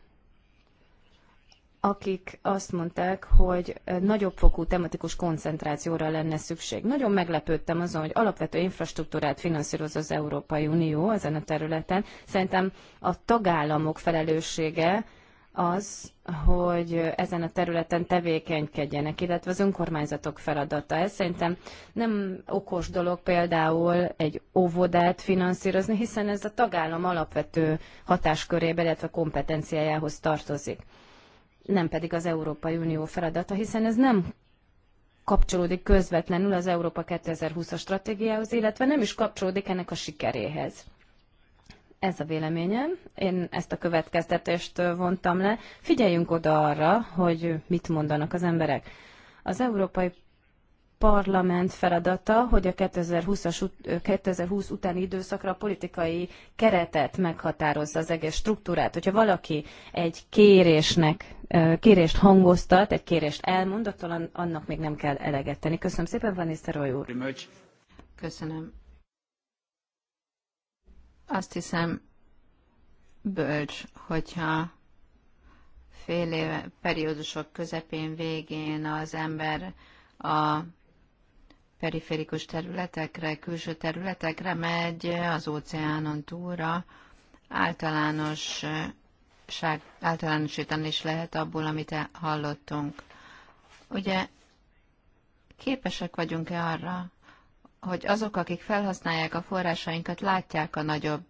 akik azt mondták, hogy nagyobb fokú tematikus koncentrációra lenne szükség. Nagyon meglepődtem azon, hogy alapvető infrastruktúrát finanszíroz az Európai Unió ezen a területen. Szerintem a tagállamok felelőssége az, hogy ezen a területen tevékenykedjenek, illetve az önkormányzatok feladata. Ez szerintem nem okos dolog például egy óvodát finanszírozni, hiszen ez a tagállam alapvető hatáskörébe, illetve kompetenciájához tartozik nem pedig az Európai Unió feladata, hiszen ez nem kapcsolódik közvetlenül az Európa 2020-as stratégiához, illetve nem is kapcsolódik ennek a sikeréhez. Ez a véleményem. Én ezt a következtetést vontam le. Figyeljünk oda arra, hogy mit mondanak az emberek. Az Európai parlament feladata, hogy a 2020, 2020 utáni időszakra a politikai keretet meghatározza az egész struktúrát. Hogyha valaki egy kérésnek, kérést hangoztat, egy kérést elmond, attól annak még nem kell eleget tenni. Köszönöm szépen, Van Nisztelrooy úr. Köszönöm. Azt hiszem, bölcs, hogyha fél éve periódusok közepén, végén az ember a periférikus területekre, külső területekre megy az óceánon túlra, általános általánosítani is lehet abból, amit e- hallottunk. Ugye képesek vagyunk-e arra, hogy azok, akik felhasználják a forrásainkat, látják a nagyobb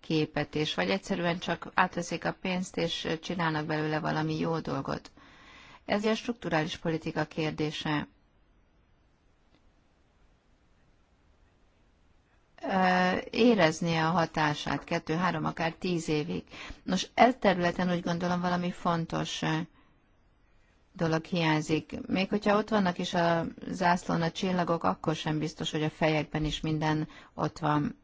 képet, és vagy egyszerűen csak átveszik a pénzt, és csinálnak belőle valami jó dolgot. Ez egy strukturális politika kérdése. érezni a hatását, kettő-három, akár tíz évig. Nos, ez területen úgy gondolom valami fontos dolog hiányzik. Még hogyha ott vannak is a zászlón a csillagok, akkor sem biztos, hogy a fejekben is minden ott van.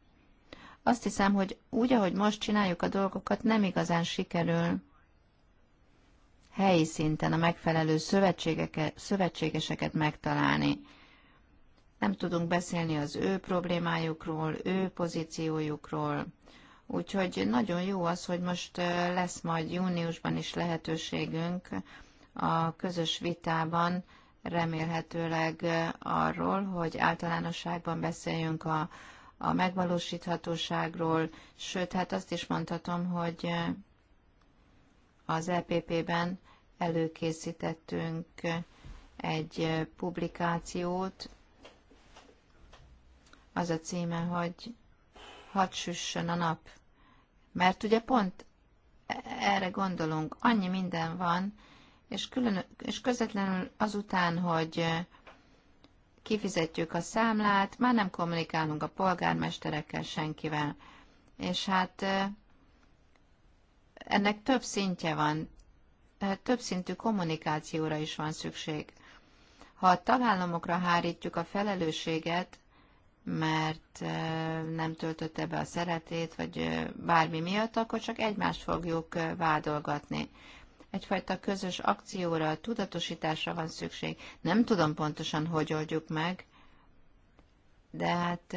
Azt hiszem, hogy úgy, ahogy most csináljuk a dolgokat, nem igazán sikerül helyi szinten a megfelelő szövetségeseket megtalálni nem tudunk beszélni az ő problémájukról, ő pozíciójukról. Úgyhogy nagyon jó az, hogy most lesz majd júniusban is lehetőségünk a közös vitában remélhetőleg arról, hogy általánosságban beszéljünk a, a megvalósíthatóságról, sőt, hát azt is mondhatom, hogy az EPP-ben előkészítettünk egy publikációt, az a címe, hogy hadd süssön a nap. Mert ugye pont erre gondolunk, annyi minden van, és, külön, és közvetlenül azután, hogy kifizetjük a számlát, már nem kommunikálunk a polgármesterekkel, senkivel. És hát ennek több szintje van, több szintű kommunikációra is van szükség. Ha a tagállamokra hárítjuk a felelősséget, mert nem töltötte be a szeretét, vagy bármi miatt, akkor csak egymást fogjuk vádolgatni. Egyfajta közös akcióra, tudatosításra van szükség. Nem tudom pontosan, hogy oldjuk meg, de hát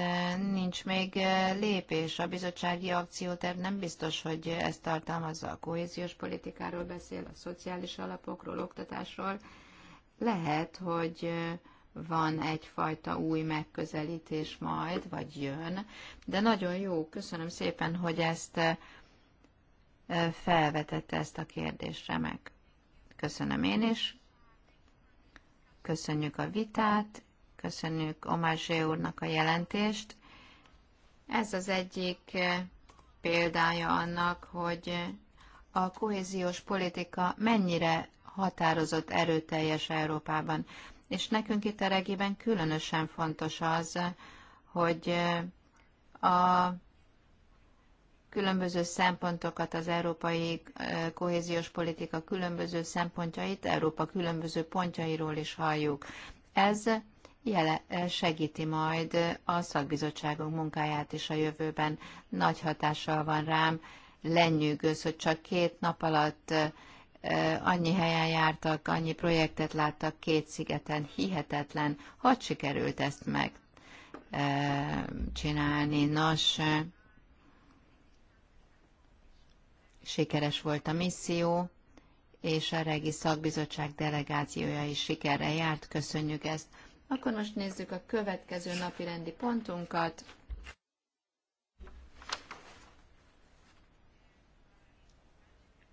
nincs még lépés. A bizottsági akcióterv nem biztos, hogy ezt tartalmazza. A kohéziós politikáról beszél, a szociális alapokról, oktatásról. Lehet, hogy van egyfajta új megközelítés majd, vagy jön. De nagyon jó, köszönöm szépen, hogy ezt eh, felvetette ezt a kérdést, remek. Köszönöm én is. Köszönjük a vitát, köszönjük Omázsé úrnak a jelentést. Ez az egyik eh, példája annak, hogy a kohéziós politika mennyire határozott erőteljes Európában. És nekünk itt a regiben különösen fontos az, hogy a különböző szempontokat, az európai kohéziós politika különböző szempontjait Európa különböző pontjairól is halljuk. Ez jele, segíti majd a szakbizottságunk munkáját is a jövőben. Nagy hatással van rám, lenyűgöz, hogy csak két nap alatt annyi helyen jártak, annyi projektet láttak két szigeten, hihetetlen, hogy sikerült ezt meg csinálni. Nos, sikeres volt a misszió, és a Regi Szakbizottság delegációja is sikerre járt. Köszönjük ezt. Akkor most nézzük a következő napi rendi pontunkat.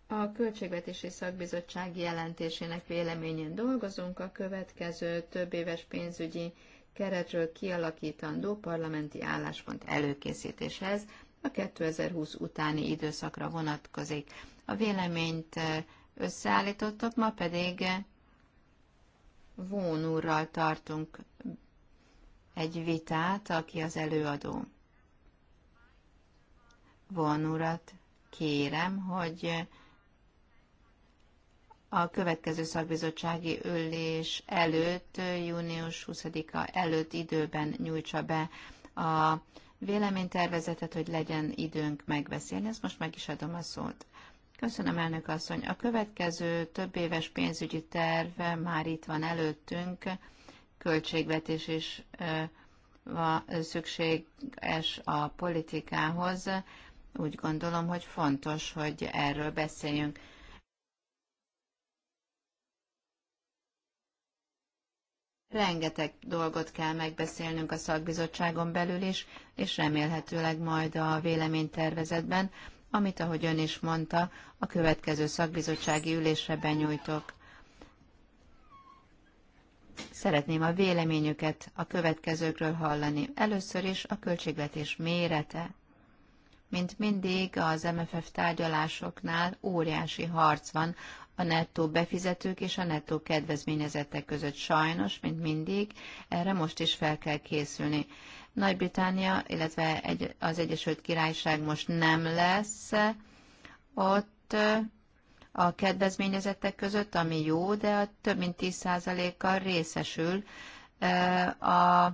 A Költségvetési Szakbizottság jelentésének véleményén dolgozunk a következő több éves pénzügyi keretről kialakítandó parlamenti álláspont előkészítéshez a 2020 utáni időszakra vonatkozik. A véleményt eh, összeállítottuk, ma pedig eh, Vón úrral tartunk egy vitát, aki az előadó. Vón urat kérem, hogy eh, a következő szakbizottsági ülés előtt, június 20-a előtt időben nyújtsa be a véleménytervezetet, hogy legyen időnk megbeszélni. Ezt most meg is adom a szót. Köszönöm, elnök asszony. A következő több éves pénzügyi terv már itt van előttünk, költségvetés is szükséges a politikához. Úgy gondolom, hogy fontos, hogy erről beszéljünk. Rengeteg dolgot kell megbeszélnünk a szakbizottságon belül is, és remélhetőleg majd a véleménytervezetben, amit, ahogy ön is mondta, a következő szakbizottsági ülésre benyújtok. Szeretném a véleményüket a következőkről hallani. Először is a költségvetés mérete. Mint mindig az MFF tárgyalásoknál óriási harc van a nettó befizetők és a nettó kedvezményezettek között. Sajnos, mint mindig, erre most is fel kell készülni. Nagy-Britannia, illetve egy, az Egyesült Királyság most nem lesz ott a kedvezményezettek között, ami jó, de a több mint 10%-kal részesül a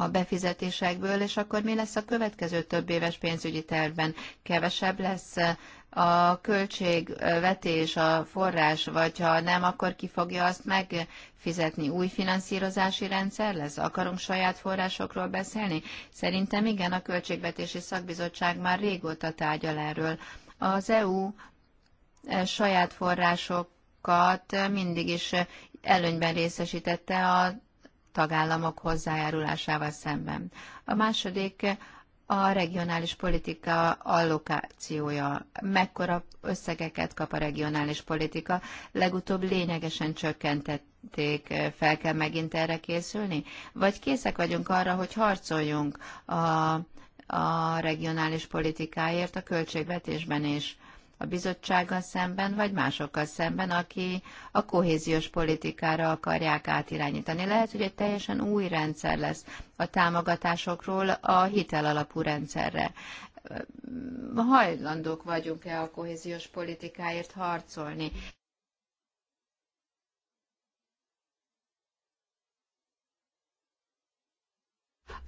a befizetésekből, és akkor mi lesz a következő több éves pénzügyi tervben? Kevesebb lesz eh, a költségvetés, a forrás, vagy ha nem, akkor ki fogja azt megfizetni? Új finanszírozási rendszer lesz? Akarunk saját forrásokról beszélni? Szerintem igen, a Költségvetési Szakbizottság már régóta tárgyal erről. Az EU eh, saját forrásokat eh, mindig is előnyben részesítette a tagállamok hozzájárulásával szemben. A második a regionális politika allokációja. Mekkora összegeket kap a regionális politika? Legutóbb lényegesen csökkentették, fel kell megint erre készülni? Vagy készek vagyunk arra, hogy harcoljunk a, a regionális politikáért a költségvetésben is? a bizottsággal szemben, vagy másokkal szemben, aki a kohéziós politikára akarják átirányítani. Lehet, hogy egy teljesen új rendszer lesz a támogatásokról a hitel alapú rendszerre. Hajlandók vagyunk-e a kohéziós politikáért harcolni?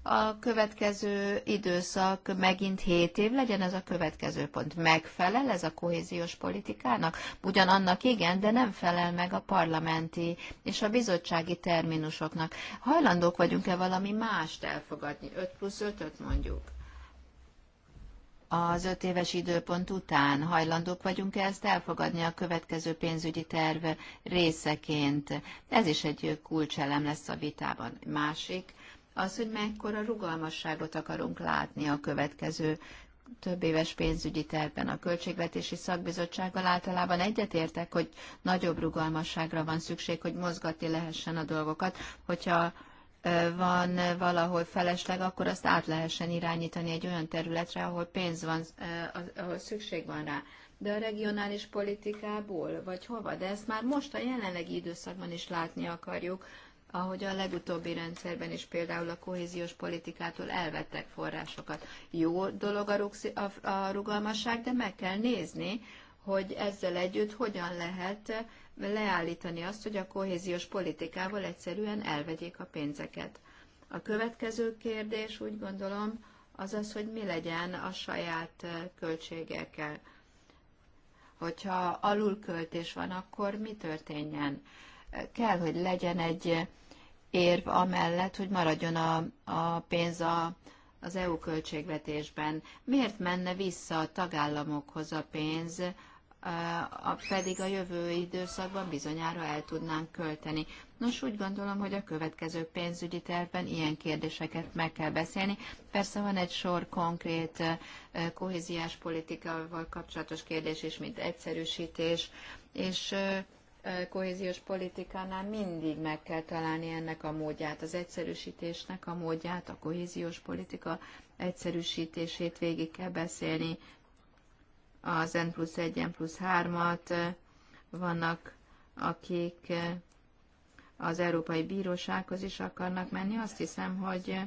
a következő időszak megint 7 év legyen ez a következő pont. Megfelel ez a kohéziós politikának? Ugyanannak igen, de nem felel meg a parlamenti és a bizottsági terminusoknak. Hajlandók vagyunk-e valami mást elfogadni? 5 plusz 5-öt mondjuk. Az öt éves időpont után hajlandók vagyunk -e ezt elfogadni a következő pénzügyi terv részeként. Ez is egy kulcselem lesz a vitában. Másik, az, hogy mekkora rugalmasságot akarunk látni a következő több éves pénzügyi tervben a Költségvetési Szakbizottsággal általában egyetértek, hogy nagyobb rugalmasságra van szükség, hogy mozgatni lehessen a dolgokat, hogyha van valahol felesleg, akkor azt át lehessen irányítani egy olyan területre, ahol pénz van, ahol szükség van rá. De a regionális politikából, vagy hova? De ezt már most a jelenlegi időszakban is látni akarjuk, ahogy a legutóbbi rendszerben is például a kohéziós politikától elvettek forrásokat. Jó dolog a, rugsz, a, a rugalmasság, de meg kell nézni, hogy ezzel együtt hogyan lehet leállítani azt, hogy a kohéziós politikával egyszerűen elvegyék a pénzeket. A következő kérdés úgy gondolom az az, hogy mi legyen a saját költségekkel. Hogyha alulköltés van, akkor mi történjen? Kell, hogy legyen egy érv amellett, hogy maradjon a, a pénz a, az EU költségvetésben. Miért menne vissza a tagállamokhoz a pénz, a, pedig a jövő időszakban bizonyára el tudnánk költeni. Nos, úgy gondolom, hogy a következő pénzügyi tervben ilyen kérdéseket meg kell beszélni. Persze van egy sor konkrét kohéziás politikával kapcsolatos kérdés is, mint egyszerűsítés, és Eh, kohéziós politikánál mindig meg kell találni ennek a módját, az egyszerűsítésnek a módját, a kohéziós politika egyszerűsítését végig kell beszélni, az N plusz 1, N plusz 3-at, eh, vannak akik eh, az Európai Bírósághoz is akarnak menni. Azt hiszem, hogy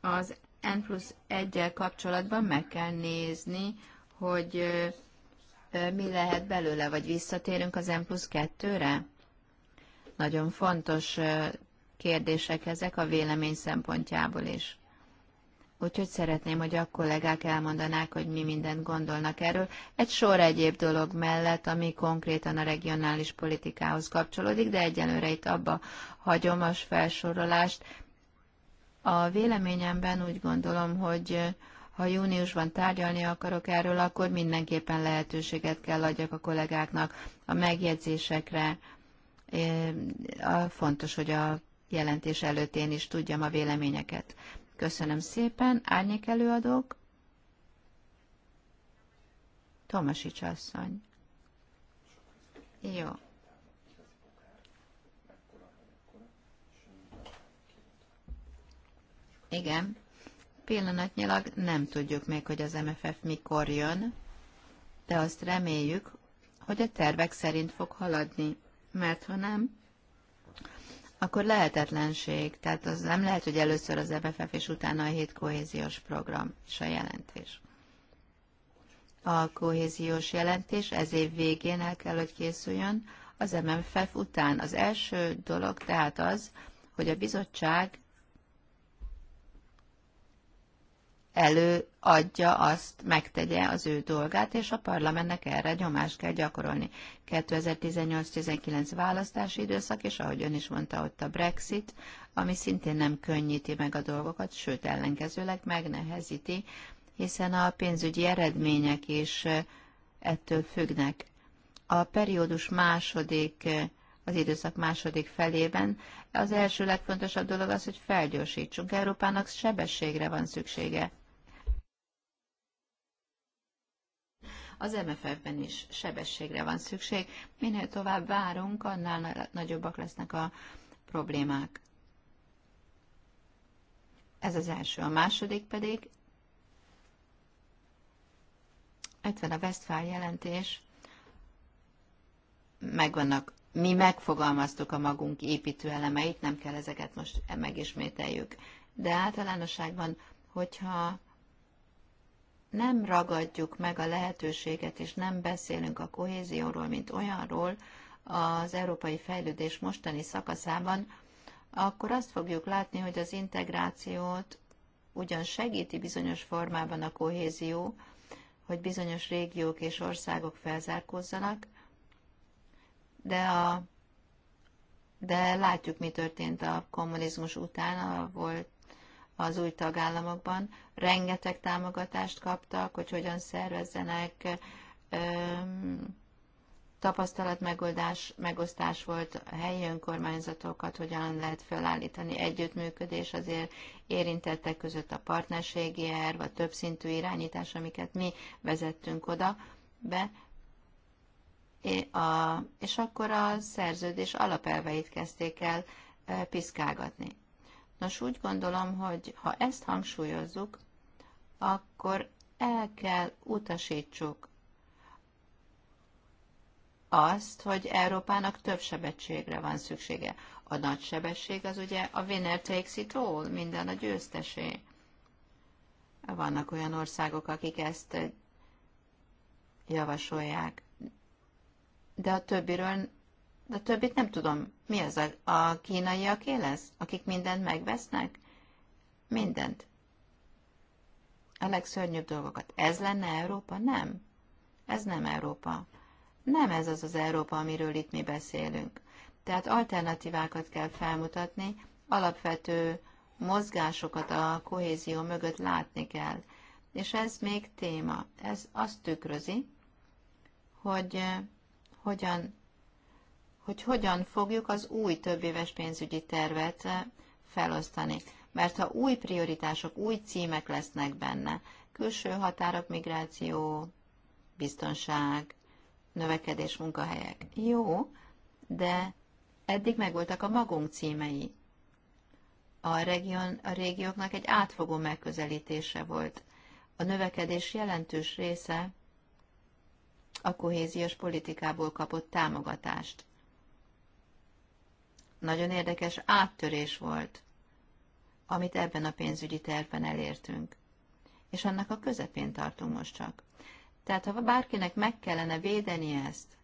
az N plusz 1 kapcsolatban meg kell nézni, hogy mi lehet belőle, vagy visszatérünk az M plusz 2-re? Nagyon fontos kérdések ezek a vélemény szempontjából is. Úgyhogy szeretném, hogy a kollégák elmondanák, hogy mi mindent gondolnak erről. Egy sor egyéb dolog mellett, ami konkrétan a regionális politikához kapcsolódik, de egyelőre itt abba hagyom a felsorolást. A véleményemben úgy gondolom, hogy ha júniusban tárgyalni akarok erről, akkor mindenképpen lehetőséget kell adjak a kollégáknak a megjegyzésekre. Fontos, hogy a jelentés előtt én is tudjam a véleményeket. Köszönöm szépen. Árnyék előadók. Tomasics asszony. Jó. Igen. Pillanatnyilag nem tudjuk még, hogy az MFF mikor jön, de azt reméljük, hogy a tervek szerint fog haladni, mert ha nem, akkor lehetetlenség. Tehát az nem lehet, hogy először az MFF és utána a hét kohéziós program és a jelentés. A kohéziós jelentés ez év végén el kell, hogy készüljön, az MFF után. Az első dolog tehát az, hogy a bizottság előadja azt, megtegye az ő dolgát, és a parlamentnek erre nyomást kell gyakorolni. 2018-19 választási időszak, és ahogy ön is mondta, ott a Brexit, ami szintén nem könnyíti meg a dolgokat, sőt ellenkezőleg megnehezíti, hiszen a pénzügyi eredmények is ettől függnek. A periódus második az időszak második felében. Az első legfontosabb dolog az, hogy felgyorsítsunk. Európának sebességre van szüksége. az MFF-ben is sebességre van szükség. Minél tovább várunk, annál nagyobbak lesznek a problémák. Ez az első. A második pedig, itt van a Westfál jelentés, megvannak, mi megfogalmaztuk a magunk építő elemeit, nem kell ezeket most megismételjük. De általánosságban, hogyha nem ragadjuk meg a lehetőséget, és nem beszélünk a kohézióról, mint olyanról az európai fejlődés mostani szakaszában, akkor azt fogjuk látni, hogy az integrációt ugyan segíti bizonyos formában a kohézió, hogy bizonyos régiók és országok felzárkózzanak, de, a, de látjuk, mi történt a kommunizmus után, a volt az új tagállamokban. Rengeteg támogatást kaptak, hogy hogyan szervezzenek. Tapasztalat megoldás, megosztás volt a helyi önkormányzatokat, hogyan lehet felállítani együttműködés azért érintettek között a partnerségi erv, a többszintű irányítás, amiket mi vezettünk oda be, és akkor a szerződés alapelveit kezdték el piszkálgatni. Nos, úgy gondolom, hogy ha ezt hangsúlyozzuk, akkor el kell utasítsuk azt, hogy Európának több sebességre van szüksége. A nagy sebesség az ugye a winner takes it all, minden a győztesé. Vannak olyan országok, akik ezt javasolják. De a többiről de többit nem tudom. Mi az a, a kínaiaké lesz? Akik mindent megvesznek? Mindent. A legszörnyűbb dolgokat. Ez lenne Európa? Nem. Ez nem Európa. Nem ez az az Európa, amiről itt mi beszélünk. Tehát alternatívákat kell felmutatni, alapvető mozgásokat a kohézió mögött látni kell. És ez még téma. Ez azt tükrözi, hogy eh, hogyan hogy hogyan fogjuk az új többéves pénzügyi tervet felosztani. Mert ha új prioritások, új címek lesznek benne, külső határok, migráció, biztonság, növekedés, munkahelyek. Jó, de eddig megvoltak a magunk címei. A, region, a régióknak egy átfogó megközelítése volt. A növekedés jelentős része a kohéziós politikából kapott támogatást nagyon érdekes áttörés volt, amit ebben a pénzügyi tervben elértünk. És annak a közepén tartunk most csak. Tehát ha bárkinek meg kellene védeni ezt,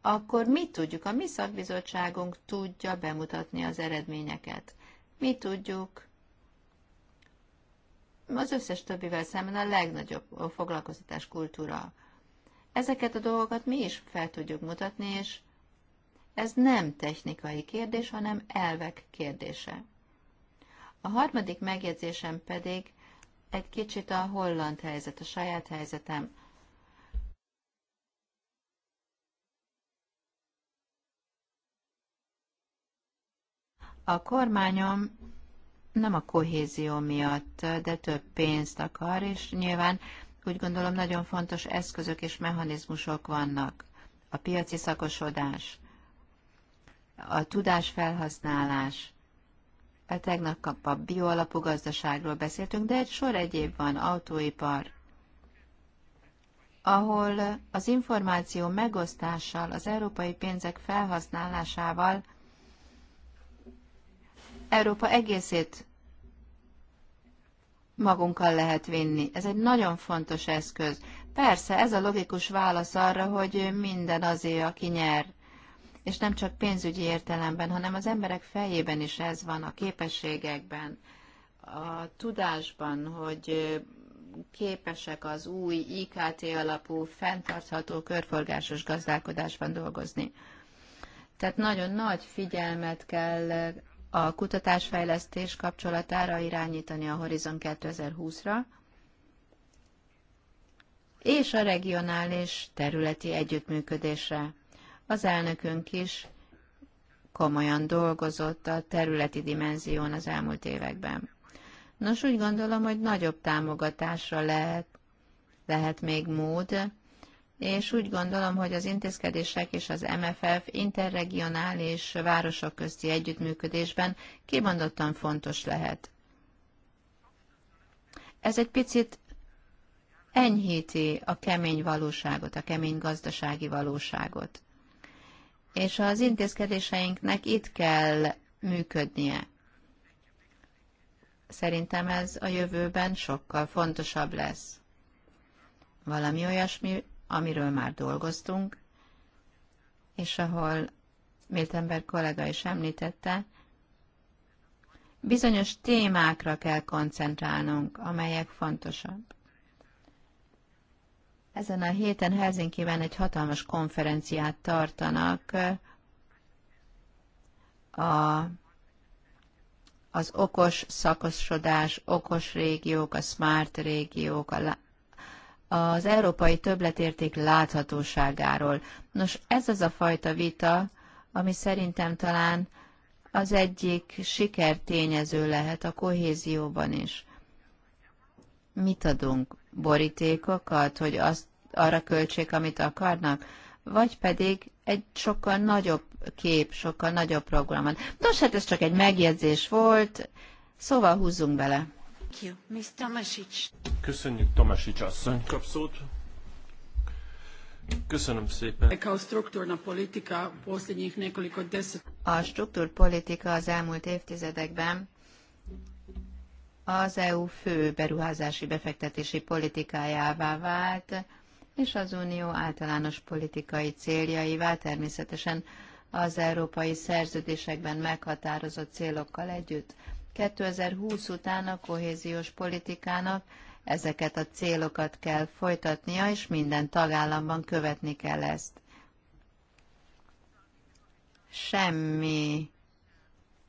akkor mi tudjuk, a mi szakbizottságunk tudja bemutatni az eredményeket. Mi tudjuk az összes többivel szemben a legnagyobb foglalkoztatás kultúra. Ezeket a dolgokat mi is fel tudjuk mutatni, és ez nem technikai kérdés, hanem elvek kérdése. A harmadik megjegyzésem pedig egy kicsit a holland helyzet, a saját helyzetem. A kormányom nem a kohézió miatt, de több pénzt akar, és nyilván úgy gondolom nagyon fontos eszközök és mechanizmusok vannak. A piaci szakosodás, a tudásfelhasználás, a tegnap a bioalapú gazdaságról beszéltünk, de egy sor egyéb van, autóipar, ahol az információ megosztással, az európai pénzek felhasználásával Európa egészét magunkkal lehet vinni. Ez egy nagyon fontos eszköz. Persze, ez a logikus válasz arra, hogy minden azért, aki nyer és nem csak pénzügyi értelemben, hanem az emberek fejében is ez van, a képességekben, a tudásban, hogy képesek az új IKT alapú, fenntartható körforgásos gazdálkodásban dolgozni. Tehát nagyon nagy figyelmet kell a kutatásfejlesztés kapcsolatára irányítani a Horizon 2020-ra, és a regionális területi együttműködésre. Az elnökünk is komolyan dolgozott a területi dimenzión az elmúlt években. Nos, úgy gondolom, hogy nagyobb támogatásra lehet, lehet még mód, és úgy gondolom, hogy az intézkedések és az MFF interregionális városok közti együttműködésben kimondottan fontos lehet. Ez egy picit enyhíti a kemény valóságot, a kemény gazdasági valóságot és az intézkedéseinknek itt kell működnie. Szerintem ez a jövőben sokkal fontosabb lesz. Valami olyasmi, amiről már dolgoztunk, és ahol Miltenberg kollega is említette, bizonyos témákra kell koncentrálnunk, amelyek fontosabb. Ezen a héten Helsinki-ben egy hatalmas konferenciát tartanak a, az okos szakosodás, okos régiók, a smart régiók, a, az európai többletérték láthatóságáról. Nos, ez az a fajta vita, ami szerintem talán az egyik sikertényező lehet a kohézióban is. Mit adunk? borítékokat, hogy azt arra költsék, amit akarnak, vagy pedig egy sokkal nagyobb kép, sokkal nagyobb program van. Nos, hát ez csak egy megjegyzés volt, szóval húzzunk bele. Köszönjük, Tomasics asszony. Kap szót. Köszönöm szépen. A struktúrpolitika az elmúlt évtizedekben az EU fő beruházási befektetési politikájává vált, és az Unió általános politikai céljaivá természetesen az európai szerződésekben meghatározott célokkal együtt. 2020 után a kohéziós politikának ezeket a célokat kell folytatnia, és minden tagállamban követni kell ezt. Semmi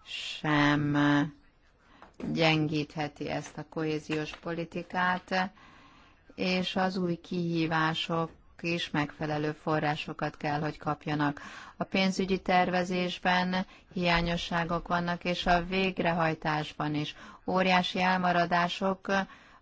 sem gyengítheti ezt a kohéziós politikát, és az új kihívások is megfelelő forrásokat kell, hogy kapjanak. A pénzügyi tervezésben hiányosságok vannak, és a végrehajtásban is óriási elmaradások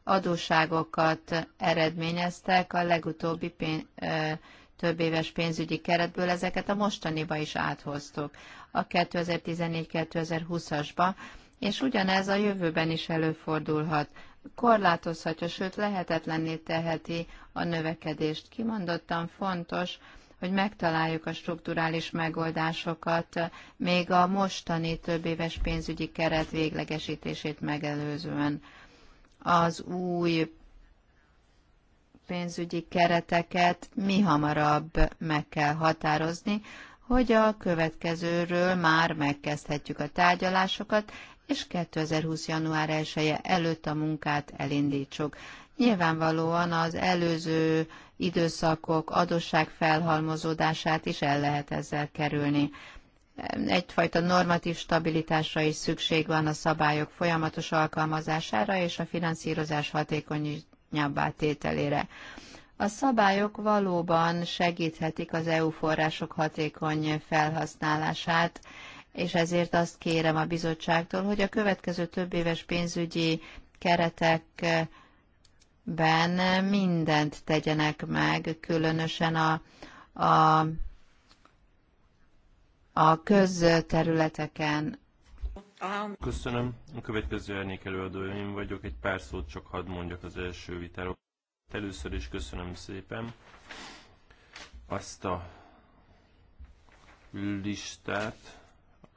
adósságokat eredményeztek a legutóbbi pén- ö, több éves pénzügyi keretből ezeket a mostaniba is áthoztuk. A 2014-2020-asba és ugyanez a jövőben is előfordulhat. Korlátozhatja, sőt lehetetlenné teheti a növekedést. Kimondottan fontos, hogy megtaláljuk a strukturális megoldásokat még a mostani több éves pénzügyi keret véglegesítését megelőzően. Az új pénzügyi kereteket mi hamarabb meg kell határozni, hogy a következőről már megkezdhetjük a tárgyalásokat, és 2020. január 1 -e előtt a munkát elindítsuk. Nyilvánvalóan az előző időszakok adósság felhalmozódását is el lehet ezzel kerülni. Egyfajta normatív stabilitásra is szükség van a szabályok folyamatos alkalmazására és a finanszírozás hatékonyabbá tételére. A szabályok valóban segíthetik az EU források hatékony felhasználását, és ezért azt kérem a bizottságtól, hogy a következő több éves pénzügyi keretekben mindent tegyenek meg, különösen a, a, a közterületeken. Köszönöm. A következő árnyék előadója én vagyok. Egy pár szót csak hadd mondjak az első vitáról. Először is köszönöm szépen azt a listát,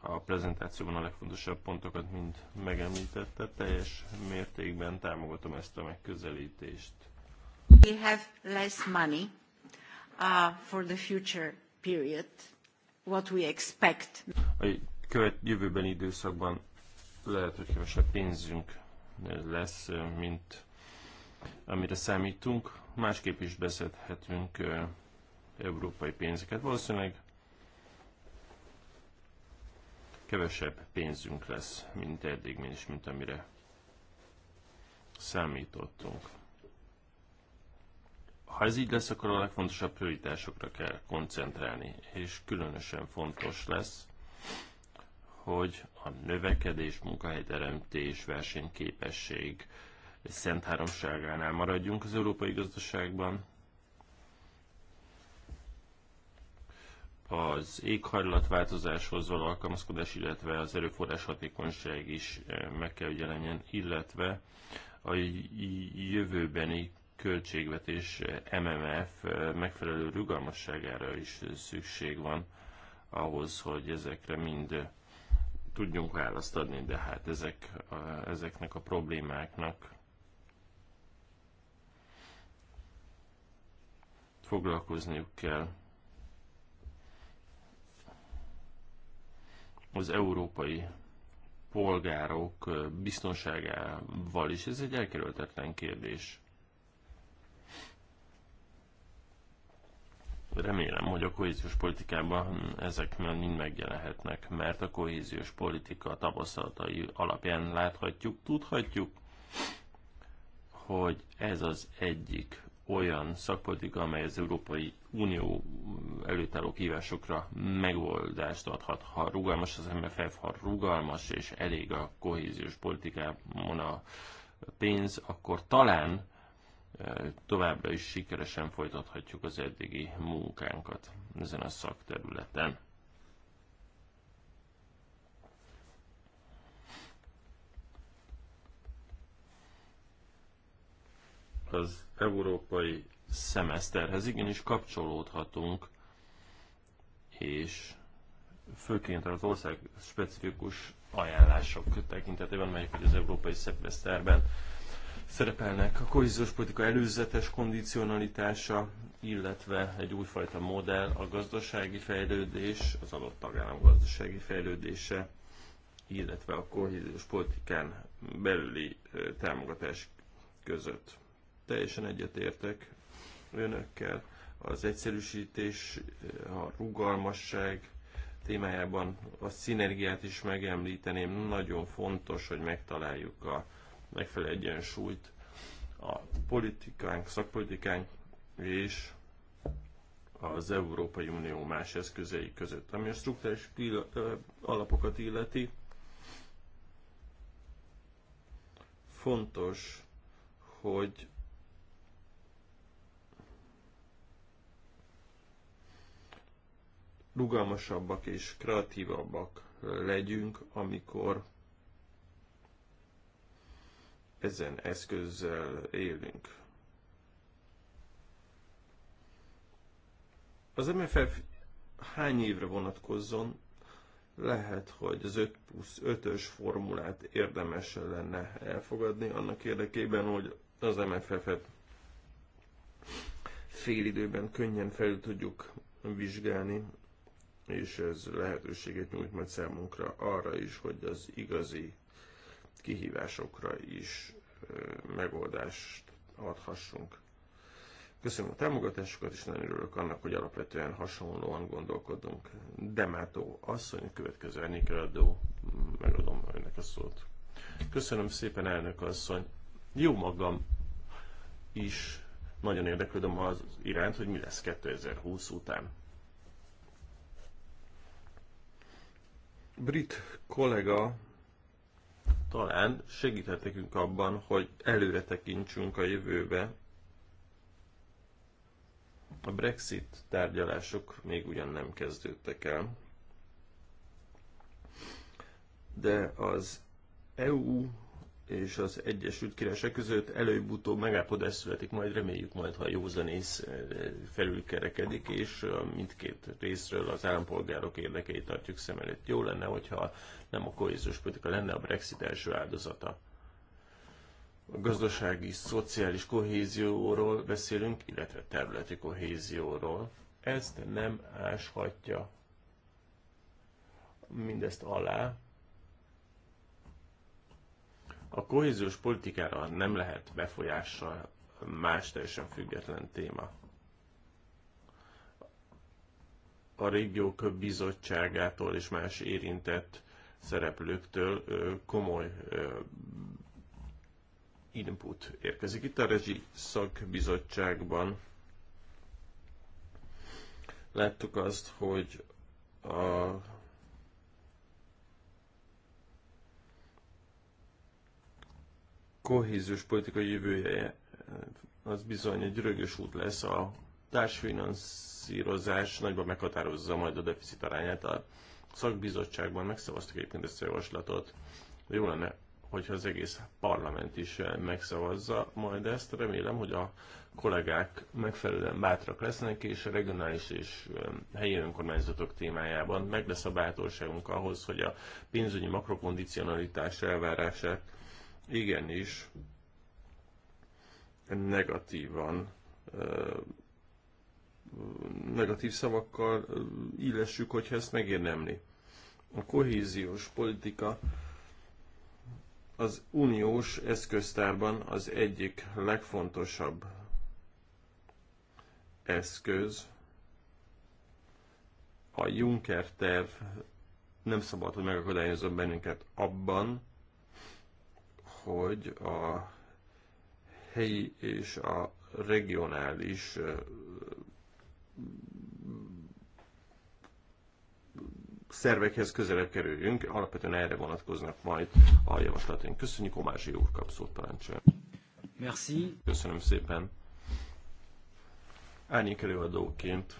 a prezentációban a legfontosabb pontokat mind megemlítette. Teljes mértékben támogatom ezt a megközelítést. We have less money uh, for the future period, what we expect. A követ jövőben időszakban lehet, hogy kevesebb pénzünk lesz, mint amire számítunk. Másképp is beszedhetünk európai pénzeket. Valószínűleg kevesebb pénzünk lesz, mint eddig, és mint amire számítottunk. Ha ez így lesz, akkor a legfontosabb prioritásokra kell koncentrálni, és különösen fontos lesz, hogy a növekedés, munkahelyteremtés, versenyképesség szent háromságánál maradjunk az európai gazdaságban, az éghajlatváltozáshoz való alkalmazkodás, illetve az erőforrás hatékonyság is eh, meg kell, hogy jelenjen, illetve a jövőbeni költségvetés eh, MMF eh, megfelelő rugalmasságára is szükség van ahhoz, hogy ezekre mind tudjunk választ adni, de hát ezek, a, ezeknek a problémáknak foglalkozniuk kell. az európai polgárok biztonságával is. Ez egy elkerülhetetlen kérdés. Remélem, hogy a kohéziós politikában ezek mind megjelenhetnek, mert a kohéziós politika tapasztalatai alapján láthatjuk, tudhatjuk, hogy ez az egyik olyan szakpolitika, amely az európai Unió előtt álló kívásokra megoldást adhat, ha rugalmas az MFF, ha rugalmas és elég a kohéziós politikában a pénz, akkor talán e, továbbra is sikeresen folytathatjuk az eddigi munkánkat ezen a szakterületen. Az Európai szemeszterhez igenis kapcsolódhatunk, és főként az ország specifikus ajánlások tekintetében, melyek az európai szemeszterben szerepelnek a kohéziós politika előzetes kondicionalitása, illetve egy újfajta modell, a gazdasági fejlődés, az adott tagállam gazdasági fejlődése, illetve a kohéziós politikán belüli támogatás között. Teljesen egyetértek önökkel az egyszerűsítés, a rugalmasság témájában a szinergiát is megemlíteném. Nagyon fontos, hogy megtaláljuk a megfelelő egyensúlyt a politikánk, szakpolitikánk és az Európai Unió más eszközei között. Ami a struktúrális alapokat illeti, fontos, hogy rugalmasabbak és kreatívabbak legyünk, amikor ezen eszközzel élünk. Az MFF hány évre vonatkozzon, lehet, hogy az 5 plusz 5-ös formulát érdemes lenne elfogadni annak érdekében, hogy az MFF-et fél időben könnyen felül tudjuk vizsgálni, és ez lehetőséget nyújt majd számunkra arra is, hogy az igazi kihívásokra is megoldást adhassunk. Köszönöm a támogatásokat, és nagyon örülök annak, hogy alapvetően hasonlóan gondolkodunk. Demátó asszony, következő adó, megadom önnek a szót. Köszönöm szépen, elnök asszony. Jó magam is. Nagyon érdeklődöm az iránt, hogy mi lesz 2020 után. brit kollega talán segíthet nekünk abban, hogy előre tekintsünk a jövőbe. A Brexit tárgyalások még ugyan nem kezdődtek el, de az EU és az Egyesült Királyság között előbb-utóbb megállapodás születik, majd reméljük majd, ha józanész eh, felülkerekedik, és eh, mindkét részről az állampolgárok érdekeit tartjuk szem előtt. Jó lenne, hogyha nem a kohéziós politika lenne a Brexit első áldozata. A gazdasági, szociális kohézióról beszélünk, illetve területi kohézióról. Ezt nem áshatja mindezt alá, a kohéziós politikára nem lehet befolyással más teljesen független téma. A régiók bizottságától és más érintett szereplőktől komoly input érkezik. Itt a Regi szakbizottságban láttuk azt, hogy a kohéziós politika jövője eh, az bizony egy rögös út lesz. A társfinanszírozás nagyban meghatározza majd a deficit arányát. A szakbizottságban megszavaztak egyébként ezt a javaslatot. Jó lenne, hogyha az egész parlament is eh, megszavazza majd ezt. Remélem, hogy a kollégák megfelelően bátrak lesznek, és a regionális és eh, helyi önkormányzatok témájában meg lesz a bátorságunk ahhoz, hogy a pénzügyi makrokondicionalitás elvárását igenis negatívan negatív szavakkal illessük, hogyha ezt megérdemli. A kohéziós politika az uniós eszköztárban az egyik legfontosabb eszköz. A Juncker terv nem szabad, hogy megakadályozza bennünket abban, hogy a helyi és a regionális szervekhez közelebb kerüljünk. Alapvetően erre vonatkoznak majd a javaslataink. Köszönjük, Omási úr kap szót Merci. Köszönöm szépen. Árnyék előadóként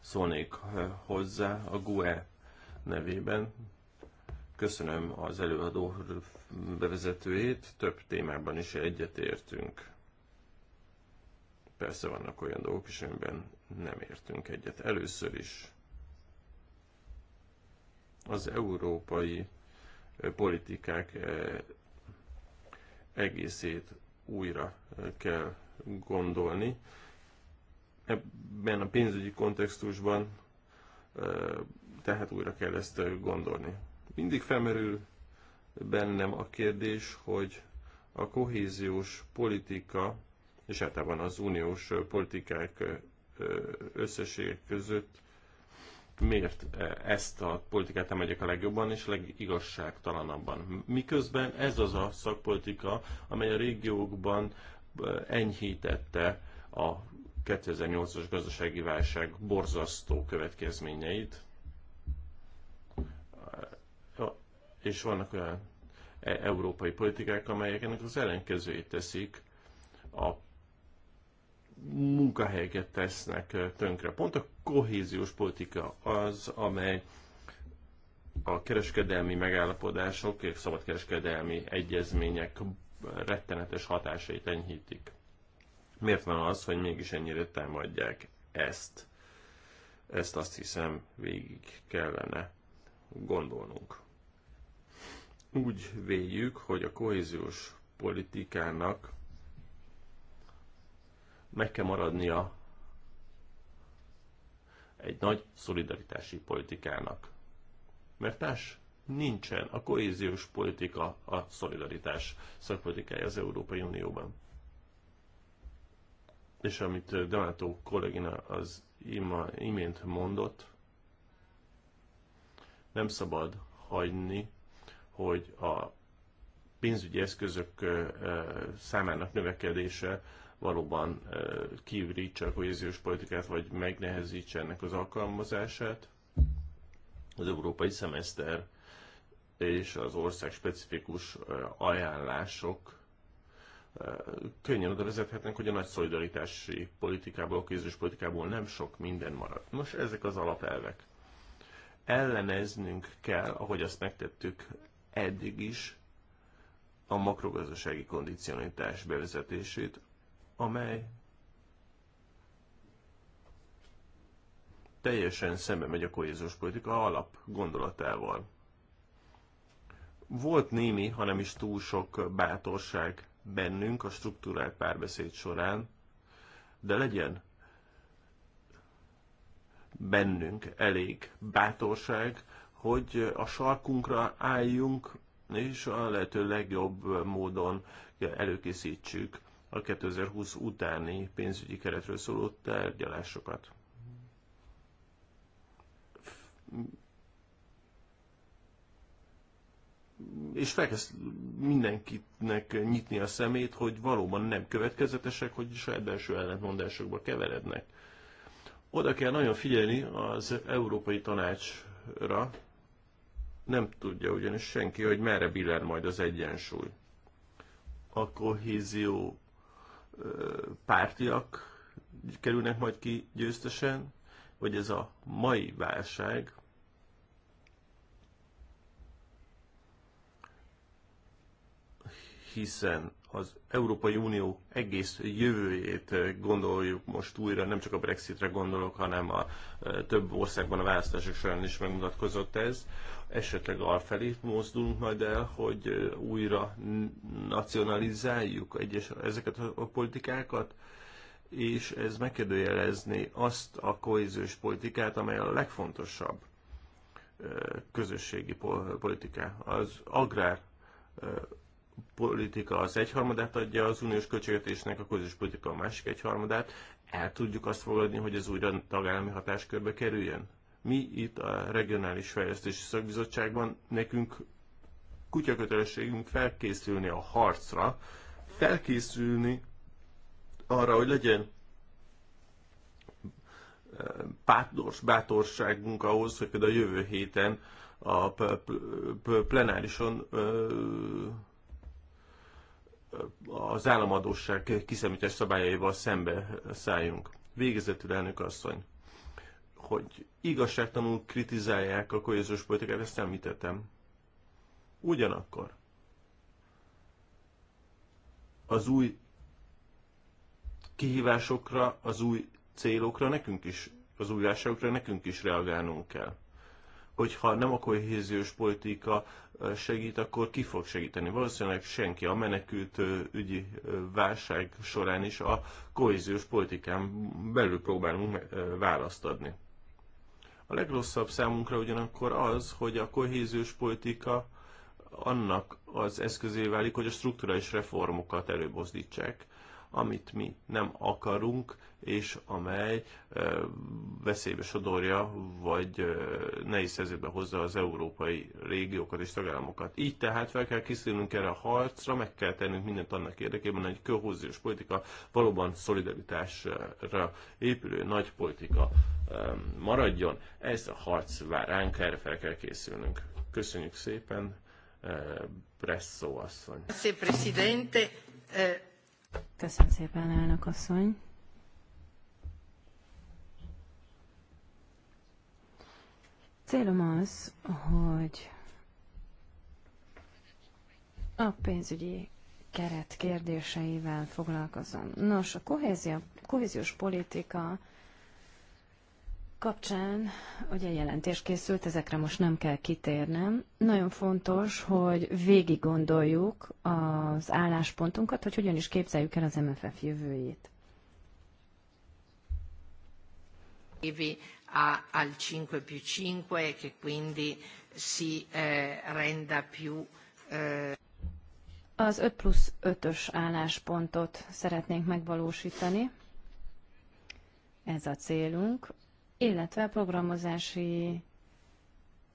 szólnék hozzá a GUE nevében. Köszönöm az előadó bevezetőjét, több témában is egyetértünk. Persze vannak olyan dolgok is, amiben nem értünk egyet. Először is az európai politikák egészét újra kell gondolni. Ebben a pénzügyi kontextusban tehát újra kell ezt gondolni. Mindig felmerül bennem a kérdés, hogy a kohéziós politika és általában az uniós politikák összessége között miért ezt a politikát emegyek a legjobban és legigazságtalanabban. Miközben ez az a szakpolitika, amely a régiókban enyhítette a 2008-as gazdasági válság borzasztó következményeit, és vannak olyan e- európai politikák, amelyek ennek az ellenkezőjét teszik, a munkahelyeket tesznek tönkre. Pont a kohéziós politika az, amely a kereskedelmi megállapodások és szabadkereskedelmi egyezmények rettenetes hatásait enyhítik. Miért van az, hogy mégis ennyire támadják ezt? Ezt azt hiszem végig kellene gondolnunk. Úgy véljük, hogy a kohéziós politikának meg kell maradnia egy nagy szolidaritási politikának. Mert társ nincsen a kohéziós politika a szolidaritás szakpolitikája az Európai Unióban. És amit Donato kollégina az ima, imént mondott, nem szabad hagyni, hogy a pénzügyi eszközök számának növekedése valóban kiürítse a kohéziós politikát, vagy megnehezítse ennek az alkalmazását. Az európai szemeszter és az ország specifikus ajánlások könnyen oda vezethetnek, hogy a nagy szolidaritási politikából, a kézős politikából nem sok minden marad. Nos, ezek az alapelvek. Elleneznünk kell, ahogy azt megtettük eddig is a makrogazdasági kondicionalitás bevezetését, amely teljesen szembe megy a kohéziós politika alap gondolatával. Volt némi, hanem is túl sok bátorság bennünk a struktúrált párbeszéd során, de legyen bennünk elég bátorság, hogy a sarkunkra álljunk, és a lehető legjobb módon előkészítsük a 2020 utáni pénzügyi keretről szóló tárgyalásokat. És felkezd mindenkinek nyitni a szemét, hogy valóban nem következetesek, hogy saját belső ellentmondásokba keverednek. Oda kell nagyon figyelni az Európai Tanácsra, nem tudja ugyanis senki, hogy merre billen majd az egyensúly. A kohézió pártiak kerülnek majd ki győztesen, vagy ez a mai válság hiszen az Európai Unió egész jövőjét eh, gondoljuk most újra, nem csak a Brexitre gondolok, hanem a eh, több országban a választások során is megmutatkozott ez. Esetleg alfelé mozdulunk majd el, hogy eh, újra nacionalizáljuk egyes ezeket a politikákat, és ez megkérdőjelezni azt a kohéziós politikát, amely a legfontosabb közösségi politika. Az agrár politika az egyharmadát adja az uniós költségvetésnek, a közös politika a másik egyharmadát. El tudjuk azt fogadni, hogy ez újra tagállami hatáskörbe kerüljön? Mi itt a Regionális Fejlesztési Szakbizottságban nekünk kutyakötelességünk felkészülni a harcra, felkészülni arra, hogy legyen e, bátors, bátorságunk ahhoz, hogy például a jövő héten a plenárison e, az államadóság kiszemítés szabályaival szembe szálljunk. Végezetül elnök asszony, hogy igazságtalanul kritizálják a kohéziós politikát, ezt említettem. Ugyanakkor az új kihívásokra, az új célokra nekünk is, az új válságokra nekünk is reagálnunk kell. Hogyha nem a kohéziós politika segít, akkor ki fog segíteni? Valószínűleg senki. A menekült ügyi válság során is a kohéziós politikán belül próbálunk választ adni. A legrosszabb számunkra ugyanakkor az, hogy a kohéziós politika annak az eszközé válik, hogy a strukturális reformokat előbozdítsák amit mi nem akarunk, és amely veszélybe sodorja, vagy nehéz helyzetbe hozza az európai régiókat és tagállamokat. Így tehát fel kell készülnünk erre a harcra, meg kell tennünk mindent annak érdekében, hogy egy kohóziós politika valóban szolidaritásra épülő nagy politika maradjon. Ez a harc vár ránk, erre fel kell készülnünk. Köszönjük szépen, Presso asszony. Köszönöm, Köszönöm szépen, elnök asszony. Célom az, hogy a pénzügyi keret kérdéseivel foglalkozom. Nos, a kohézia, kohéziós politika kapcsán ugye jelentés készült, ezekre most nem kell kitérnem. Nagyon fontos, hogy végig gondoljuk az álláspontunkat, hogy hogyan is képzeljük el az MFF jövőjét. A, al 5 più 5 e che quindi si eh, renda più eh... Az 5 plusz 5-ös álláspontot szeretnénk megvalósítani. Ez a célunk illetve programozási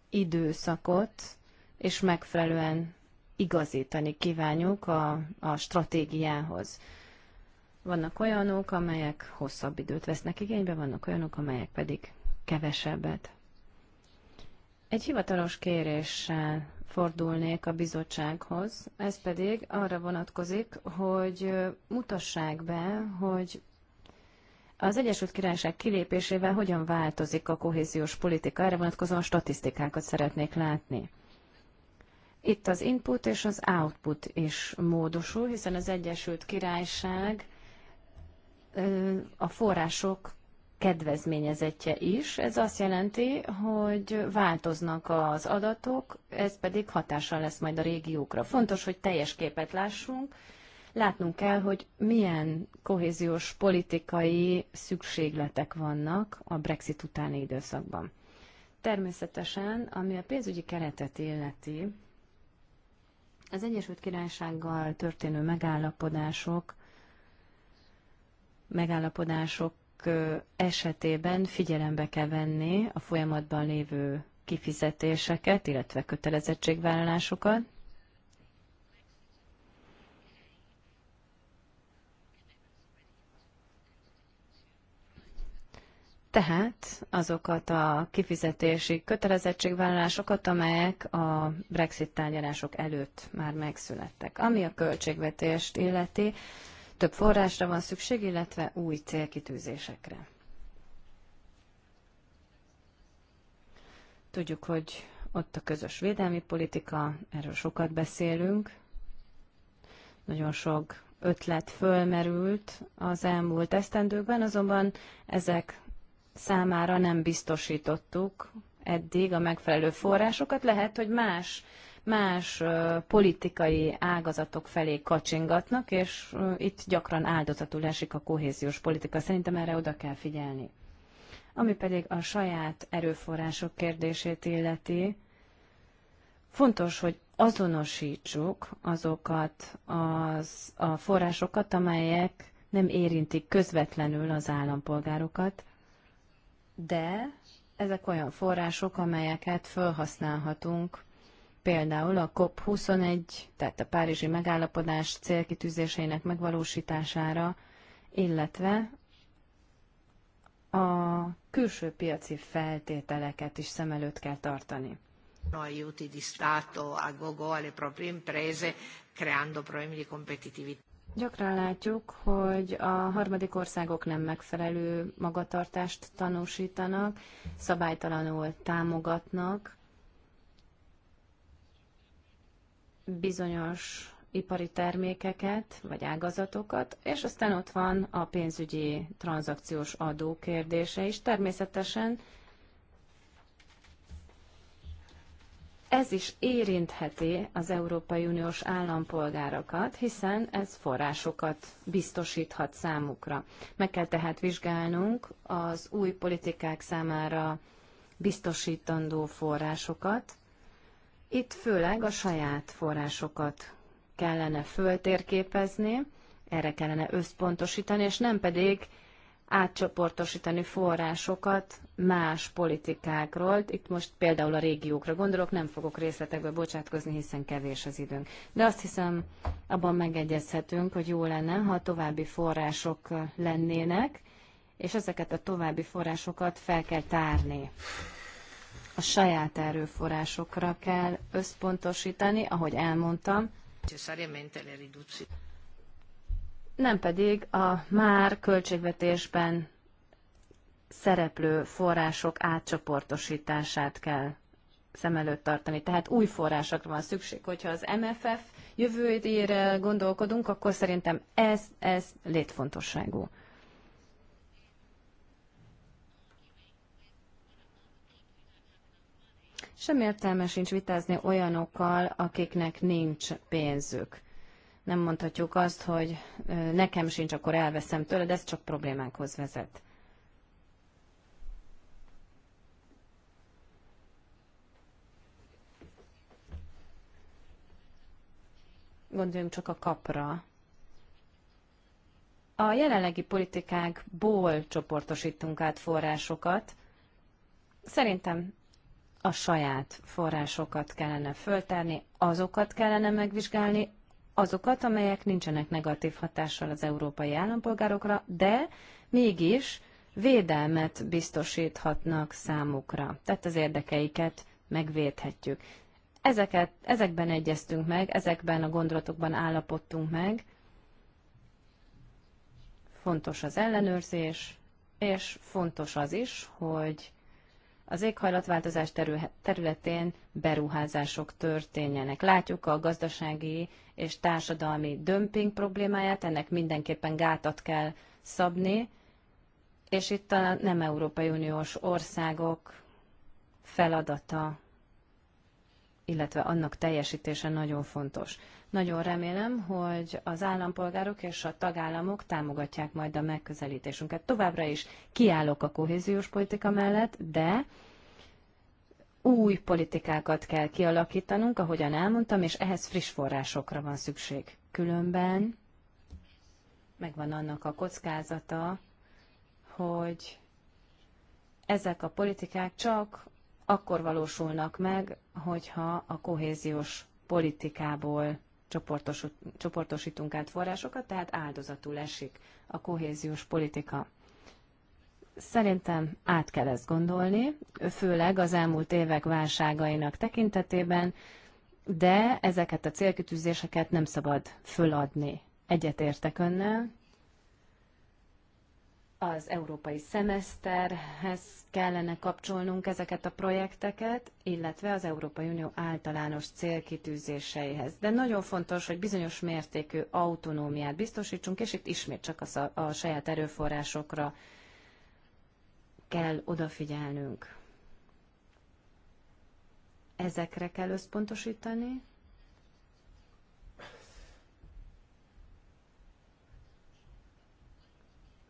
időszakot és megfelelően igazítani kívánjuk a, a stratégiához. Vannak olyanok, amelyek hosszabb időt vesznek igénybe, vannak olyanok, amelyek pedig kevesebbet. Egy hivatalos kéréssel fordulnék a bizottsághoz, ez pedig arra vonatkozik, hogy mutassák be, hogy az Egyesült Királyság kilépésével hogyan változik a kohéziós politika? Erre vonatkozóan statisztikákat szeretnék látni. Itt az input és az output is módosul, hiszen az Egyesült Királyság a források kedvezményezetje is. Ez azt jelenti, hogy változnak az adatok, ez pedig hatással lesz majd a régiókra. Fontos, hogy teljes képet lássunk, látnunk kell, hogy milyen kohéziós politikai szükségletek vannak a Brexit utáni időszakban. Természetesen, ami a pénzügyi keretet illeti, az Egyesült Királysággal történő megállapodások, megállapodások esetében figyelembe kell venni a folyamatban lévő kifizetéseket, illetve kötelezettségvállalásokat, tehát azokat a kifizetési kötelezettségvállalásokat, amelyek a Brexit tárgyalások előtt már megszülettek. Ami a költségvetést illeti, több forrásra van szükség, illetve új célkitűzésekre. Tudjuk, hogy ott a közös védelmi politika, erről sokat beszélünk. Nagyon sok ötlet fölmerült az elmúlt esztendőkben, azonban ezek számára nem biztosítottuk eddig a megfelelő forrásokat. Lehet, hogy más, más politikai ágazatok felé kacsingatnak, és itt gyakran áldozatul esik a kohéziós politika. Szerintem erre oda kell figyelni. Ami pedig a saját erőforrások kérdését illeti, fontos, hogy azonosítsuk azokat az, a forrásokat, amelyek nem érintik közvetlenül az állampolgárokat, de ezek olyan források, amelyeket felhasználhatunk például a COP21, tehát a Párizsi megállapodás célkitűzéseinek megvalósítására, illetve a külső piaci feltételeket is szem előtt kell tartani. Aiuti di Stato a Gogo alle proprie imprese creando problemi di competitività. Gyakran látjuk, hogy a harmadik országok nem megfelelő magatartást tanúsítanak, szabálytalanul támogatnak bizonyos ipari termékeket vagy ágazatokat, és aztán ott van a pénzügyi tranzakciós adó kérdése is. Természetesen ez is érintheti az Európai Uniós állampolgárokat, hiszen ez forrásokat biztosíthat számukra. Meg kell tehát vizsgálnunk az új politikák számára biztosítandó forrásokat. Itt főleg a saját forrásokat kellene föltérképezni, erre kellene összpontosítani, és nem pedig átcsoportosítani forrásokat más politikákról. Itt most például a régiókra gondolok, nem fogok részletekbe bocsátkozni, hiszen kevés az időnk. De azt hiszem, abban megegyezhetünk, hogy jó lenne, ha további források lennének, és ezeket a további forrásokat fel kell tárni. A saját erőforrásokra kell összpontosítani, ahogy elmondtam nem pedig a már költségvetésben szereplő források átcsoportosítását kell szem előtt tartani. Tehát új forrásokra van szükség. Hogyha az MFF jövőjére gondolkodunk, akkor szerintem ez, ez létfontosságú. Sem értelme sincs vitázni olyanokkal, akiknek nincs pénzük nem mondhatjuk azt, hogy nekem sincs, akkor elveszem tőled, ez csak problémákhoz vezet. Gondoljunk csak a kapra. A jelenlegi politikákból csoportosítunk át forrásokat. Szerintem a saját forrásokat kellene föltárni, azokat kellene megvizsgálni, azokat, amelyek nincsenek negatív hatással az európai állampolgárokra, de mégis védelmet biztosíthatnak számukra. Tehát az érdekeiket megvédhetjük. Ezeket, ezekben egyeztünk meg, ezekben a gondolatokban állapodtunk meg. Fontos az ellenőrzés, és fontos az is, hogy az éghajlatváltozás területén beruházások történjenek. Látjuk a gazdasági és társadalmi dömping problémáját, ennek mindenképpen gátat kell szabni, és itt a nem Európai Uniós országok feladata, illetve annak teljesítése nagyon fontos. Nagyon remélem, hogy az állampolgárok és a tagállamok támogatják majd a megközelítésünket. Továbbra is kiállok a kohéziós politika mellett, de új politikákat kell kialakítanunk, ahogyan elmondtam, és ehhez friss forrásokra van szükség. Különben megvan annak a kockázata, hogy ezek a politikák csak akkor valósulnak meg, hogyha a kohéziós politikából csoportosítunk át forrásokat, tehát áldozatul esik a kohéziós politika. Szerintem át kell ezt gondolni, főleg az elmúlt évek válságainak tekintetében, de ezeket a célkitűzéseket nem szabad föladni. Egyetértek önnel, az európai szemeszterhez kellene kapcsolnunk ezeket a projekteket, illetve az Európai Unió általános célkitűzéseihez. De nagyon fontos, hogy bizonyos mértékű autonómiát biztosítsunk, és itt ismét csak a, a saját erőforrásokra kell odafigyelnünk. Ezekre kell összpontosítani,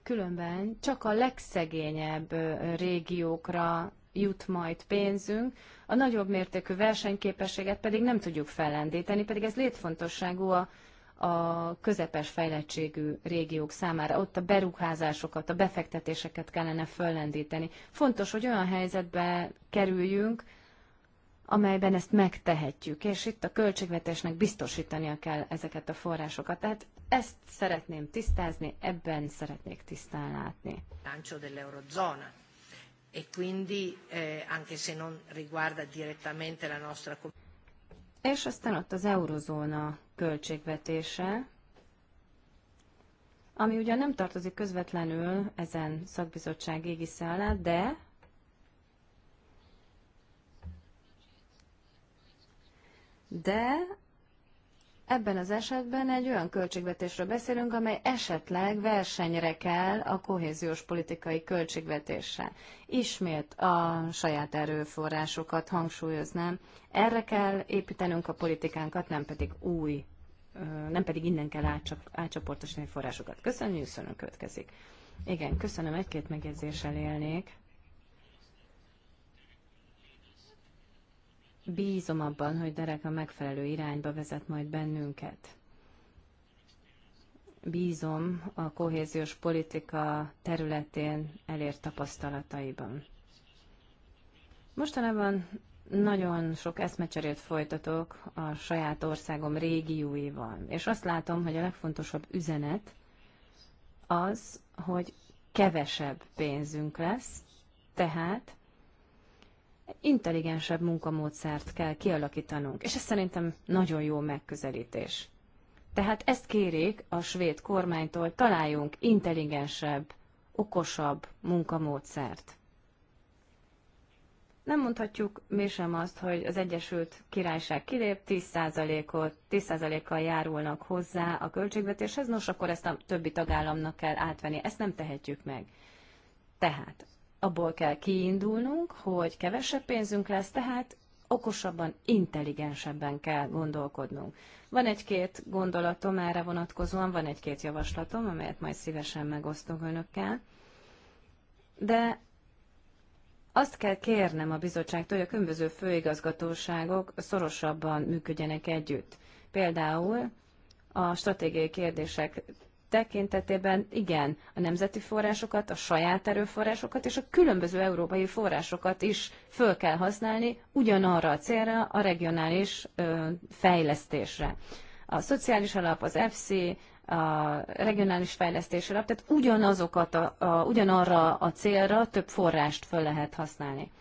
különben csak a legszegényebb régiókra jut majd pénzünk, a nagyobb mértékű versenyképességet pedig nem tudjuk fellendíteni, pedig ez létfontosságú a, a közepes fejlettségű régiók számára. Ott a beruházásokat, a befektetéseket kellene föllendíteni. Fontos, hogy olyan helyzetbe kerüljünk, amelyben ezt megtehetjük, és itt a költségvetésnek biztosítania kell ezeket a forrásokat. Tehát ezt szeretném tisztázni, ebben szeretnék tisztán látni. E eh, és aztán ott az eurozóna költségvetése, ami ugyan nem tartozik közvetlenül ezen szakbizottság égisze alá, de de Ebben az esetben egy olyan költségvetésről beszélünk, amely esetleg versenyre kell a kohéziós politikai költségvetéssel. Ismét a saját erőforrásokat hangsúlyoznám. Erre kell építenünk a politikánkat, nem pedig új, nem pedig innen kell átcsoportosítani forrásokat. Köszönjük, szörnyű következik. Igen, köszönöm, egy-két megjegyzéssel élnék. Bízom abban, hogy Derek a megfelelő irányba vezet majd bennünket. Bízom a kohéziós politika területén elért tapasztalataiban. Mostanában nagyon sok eszmecserét folytatok a saját országom régióival, és azt látom, hogy a legfontosabb üzenet az, hogy kevesebb pénzünk lesz, tehát intelligensebb munkamódszert kell kialakítanunk, és ez szerintem nagyon jó megközelítés. Tehát ezt kérik a svéd kormánytól, találjunk intelligensebb, okosabb munkamódszert. Nem mondhatjuk mi sem azt, hogy az Egyesült Királyság kilép, 10%-ot, 10%-kal járulnak hozzá a költségvetéshez, nos, akkor ezt a többi tagállamnak kell átvenni. Ezt nem tehetjük meg. Tehát abból kell kiindulnunk, hogy kevesebb pénzünk lesz, tehát okosabban, intelligensebben kell gondolkodnunk. Van egy-két gondolatom erre vonatkozóan, van egy-két javaslatom, amelyet majd szívesen megosztom önökkel, de azt kell kérnem a bizottságtól, hogy a különböző főigazgatóságok szorosabban működjenek együtt. Például a stratégiai kérdések tekintetében igen, a nemzeti forrásokat, a saját erőforrásokat és a különböző európai forrásokat is föl kell használni ugyanarra a célra, a regionális ö, fejlesztésre. A szociális alap, az FC, a regionális fejlesztés alap, tehát ugyanazokat a, a, ugyanarra a célra több forrást föl lehet használni.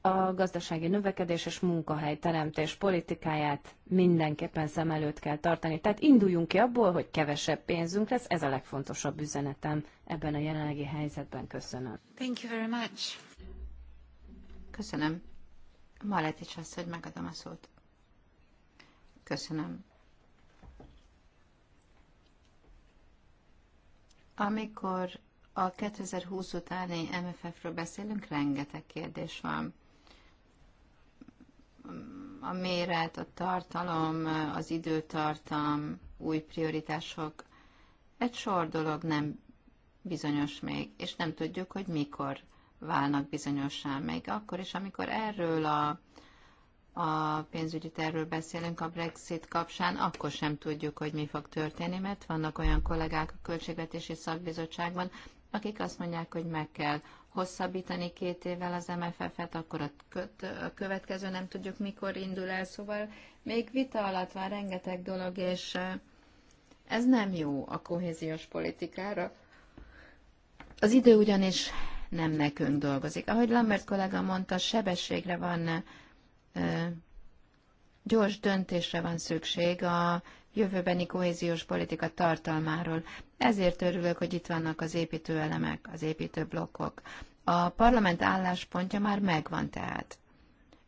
a gazdasági növekedés és munkahelyteremtés politikáját mindenképpen szem előtt kell tartani. Tehát induljunk ki abból, hogy kevesebb pénzünk lesz, ez a legfontosabb üzenetem ebben a jelenlegi helyzetben. Köszönöm. Thank you very much. Köszönöm. Maletics azt, hogy megadom a szót. Köszönöm. Amikor a 2020 utáni MFF-ről beszélünk, rengeteg kérdés van a méret, a tartalom, az időtartam, új prioritások, egy sor dolog nem bizonyos még, és nem tudjuk, hogy mikor válnak bizonyossá még. Akkor is, amikor erről a, a pénzügyi tervről beszélünk a Brexit kapcsán, akkor sem tudjuk, hogy mi fog történni, mert vannak olyan kollégák a Költségvetési Szakbizottságban, akik azt mondják, hogy meg kell hosszabbítani két évvel az MFF-et, akkor a, köt, a következő nem tudjuk mikor indul el, szóval még vita alatt van rengeteg dolog, és ez nem jó a kohéziós politikára. Az idő ugyanis nem nekünk dolgozik. Ahogy Lambert kollega mondta, sebességre van gyors döntésre van szükség a jövőbeni kohéziós politika tartalmáról. Ezért örülök, hogy itt vannak az építőelemek, az építőblokkok. A parlament álláspontja már megvan tehát.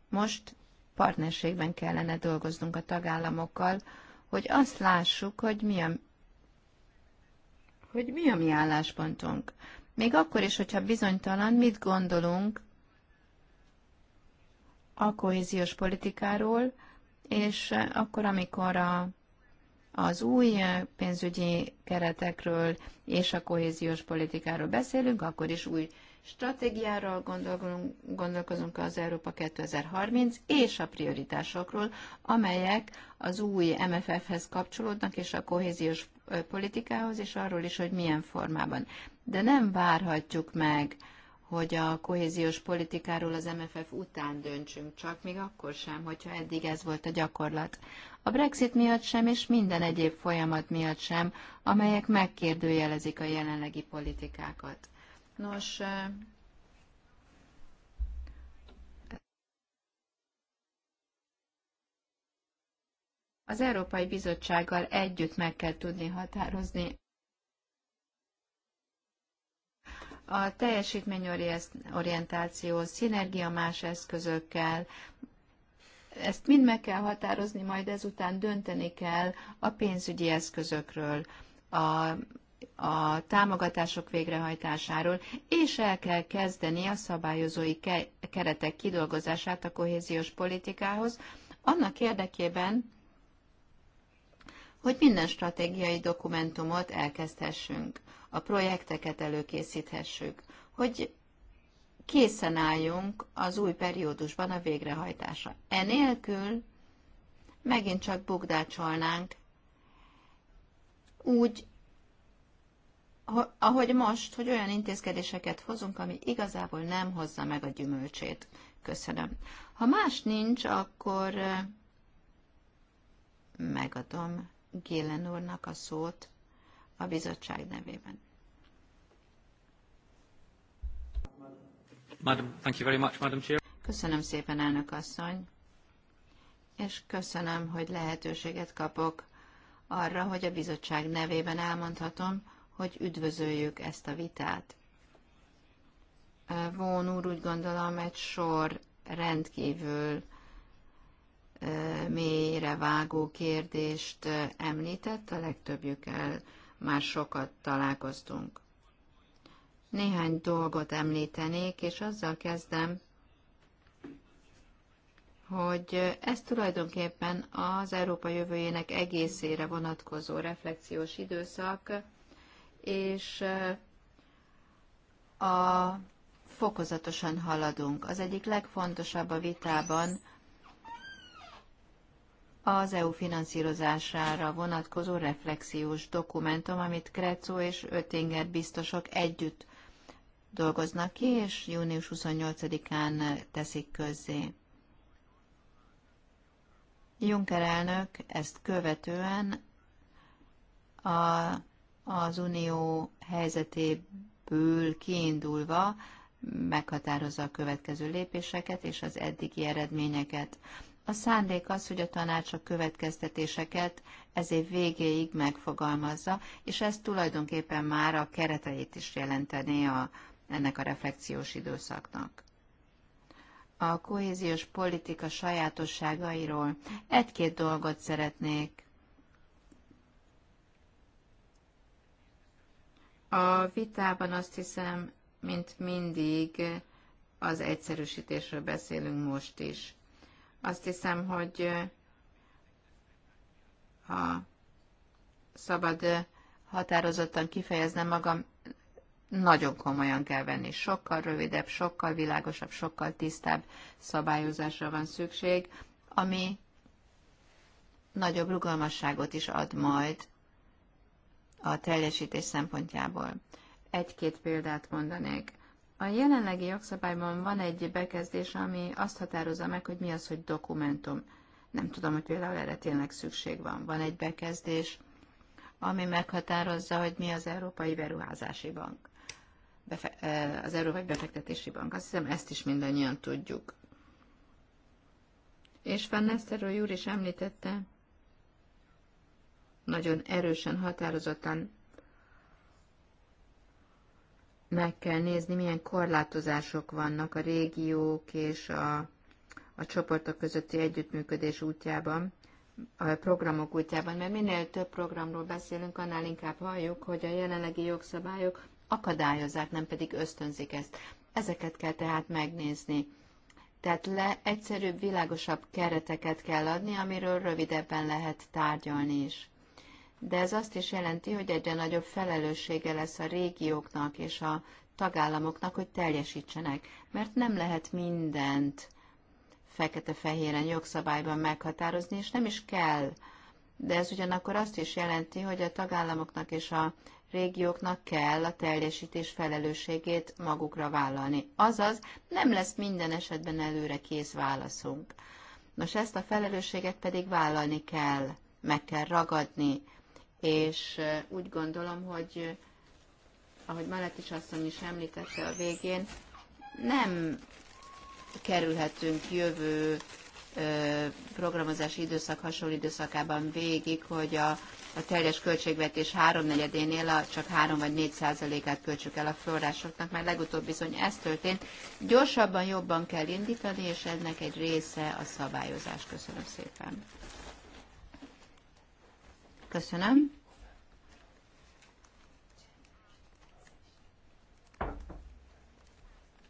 Most partnerségben kellene dolgoznunk a tagállamokkal, hogy azt lássuk, hogy mi a, hogy mi a mi álláspontunk. Még akkor is, hogyha bizonytalan, mit gondolunk a kohéziós politikáról, és eh, akkor, amikor a, az új eh, pénzügyi keretekről és a kohéziós politikáról beszélünk, akkor is új stratégiáról gondolunk, gondolkozunk az Európa 2030 és a prioritásokról, amelyek az új MFF-hez kapcsolódnak és a kohéziós eh, politikához, és arról is, hogy milyen formában. De nem várhatjuk meg hogy a kohéziós politikáról az MFF után döntsünk, csak még akkor sem, hogyha eddig ez volt a gyakorlat. A Brexit miatt sem, és minden egyéb folyamat miatt sem, amelyek megkérdőjelezik a jelenlegi politikákat. Nos, az Európai Bizottsággal együtt meg kell tudni határozni A teljesítményorientáció, szinergia más eszközökkel, ezt mind meg kell határozni, majd ezután dönteni kell a pénzügyi eszközökről, a, a támogatások végrehajtásáról, és el kell kezdeni a szabályozói ke- keretek kidolgozását a kohéziós politikához, annak érdekében, hogy minden stratégiai dokumentumot elkezdhessünk a projekteket előkészíthessük, hogy készen álljunk az új periódusban a végrehajtása. Enélkül megint csak bukdácsolnánk úgy, ahogy most, hogy olyan intézkedéseket hozunk, ami igazából nem hozza meg a gyümölcsét. Köszönöm. Ha más nincs, akkor eh, megadom Gélen úrnak a szót a bizottság nevében. Madam, thank you very much, Madam Chair. Köszönöm szépen, elnök asszony, és köszönöm, hogy lehetőséget kapok arra, hogy a bizottság nevében elmondhatom, hogy üdvözöljük ezt a vitát. Vón úr úgy gondolom egy sor rendkívül mélyre vágó kérdést említett, a legtöbbjükkel már sokat találkoztunk. Néhány dolgot említenék, és azzal kezdem, hogy ez tulajdonképpen az Európa jövőjének egészére vonatkozó reflexiós időszak, és eh, a fokozatosan haladunk. Az egyik legfontosabb a vitában az EU finanszírozására vonatkozó reflexiós dokumentum, amit Kreco és Öttinger biztosok együtt dolgoznak ki, és június 28-án teszik közzé. Juncker elnök ezt követően a, az unió helyzetéből kiindulva meghatározza a következő lépéseket és az eddigi eredményeket. A szándék az, hogy a tanács a következtetéseket ez év végéig megfogalmazza, és ez tulajdonképpen már a kereteit is jelentené a, ennek a reflekciós időszaknak. A kohéziós politika sajátosságairól egy-két dolgot szeretnék A vitában azt hiszem, mint mindig az egyszerűsítésről beszélünk most is. Azt hiszem, hogy ha szabad határozottan kifejeznem magam, nagyon komolyan kell venni. Sokkal rövidebb, sokkal világosabb, sokkal tisztább szabályozásra van szükség, ami nagyobb rugalmasságot is ad majd a teljesítés szempontjából. Egy-két példát mondanék. A jelenlegi jogszabályban van egy bekezdés, ami azt határozza meg, hogy mi az, hogy dokumentum. Nem tudom, hogy például erre tényleg szükség van. Van egy bekezdés, ami meghatározza, hogy mi az Európai Beruházási Bank, eh, az Európai Befektetési Bank. Azt hiszem, ezt is mindannyian tudjuk. És Van Nesterről úr is említette, nagyon erősen, határozottan meg kell nézni, milyen korlátozások vannak a régiók és a, a csoportok közötti együttműködés útjában, a programok útjában, mert minél több programról beszélünk, annál inkább halljuk, hogy a jelenlegi jogszabályok akadályozzák, nem pedig ösztönzik ezt. Ezeket kell tehát megnézni. Tehát le egyszerűbb, világosabb kereteket kell adni, amiről rövidebben lehet tárgyalni is de ez azt is jelenti, hogy egyre nagyobb felelőssége lesz a régióknak és a tagállamoknak, hogy teljesítsenek, mert nem lehet mindent fekete-fehéren jogszabályban meghatározni, és nem is kell. De ez ugyanakkor azt is jelenti, hogy a tagállamoknak és a régióknak kell a teljesítés felelősségét magukra vállalni. Azaz, nem lesz minden esetben előre kész válaszunk. Nos, ezt a felelősséget pedig vállalni kell, meg kell ragadni, és úgy gondolom, hogy ahogy Maletis is asszony is említette a végén, nem kerülhetünk jövő programozási időszak hasonló időszakában végig, hogy a, a teljes költségvetés háromnegyedénél a, csak három vagy négy százalékát költsük el a forrásoknak, mert legutóbb bizony ez történt. Gyorsabban, jobban kell indítani, és ennek egy része a szabályozás. Köszönöm szépen. Köszönöm.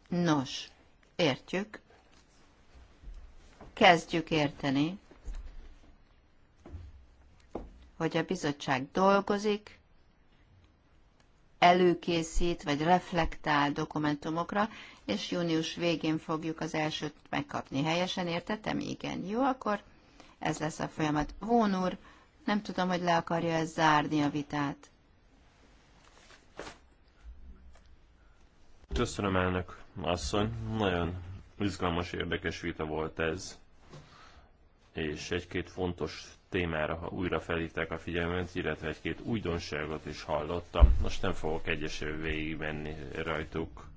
Nos, értjük. Kezdjük érteni, hogy a bizottság dolgozik, előkészít vagy reflektál dokumentumokra, és június végén fogjuk az elsőt megkapni. Helyesen értettem? Igen. Jó, akkor ez lesz a folyamat. Vón úr, nem tudom, hogy le akarja ez zárni a vitát. Köszönöm elnök asszony. Nagyon izgalmas, érdekes vita volt ez. És egy-két fontos témára ha újra felhívták a figyelmet, illetve egy-két újdonságot is hallottam. Most nem fogok egyesével végigmenni rajtuk,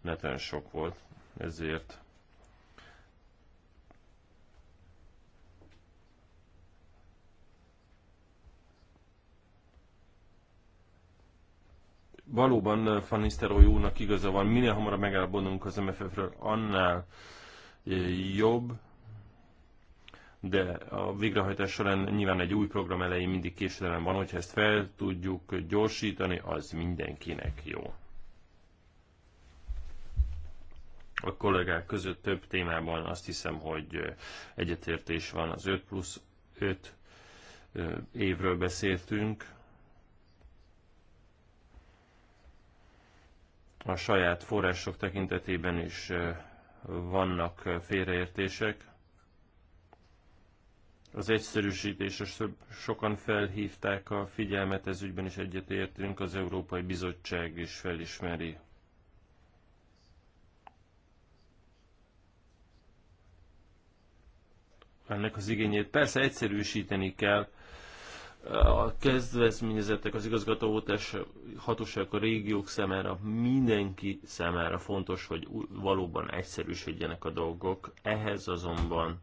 mert olyan sok volt, ezért Valóban eh, Van Nistelrooy úrnak igaza van, minél hamarabb megállapodunk az MFF-ről, annál eh, jobb, de a végrehajtás során nyilván egy új program elején mindig késedelem van, hogyha ezt fel tudjuk gyorsítani, az mindenkinek jó. A kollégák között több témában azt hiszem, hogy eh, egyetértés van. Az 5 plusz 5 évről beszéltünk, a saját források tekintetében is vannak félreértések. Az egyszerűsítésre sokan felhívták a figyelmet, ez ügyben is egyetértünk, az Európai Bizottság is felismeri. Ennek az igényét persze egyszerűsíteni kell, a kezdvezményezettek, az és hatóságok a régiók számára, mindenki számára fontos, hogy valóban egyszerűsödjenek a dolgok. Ehhez azonban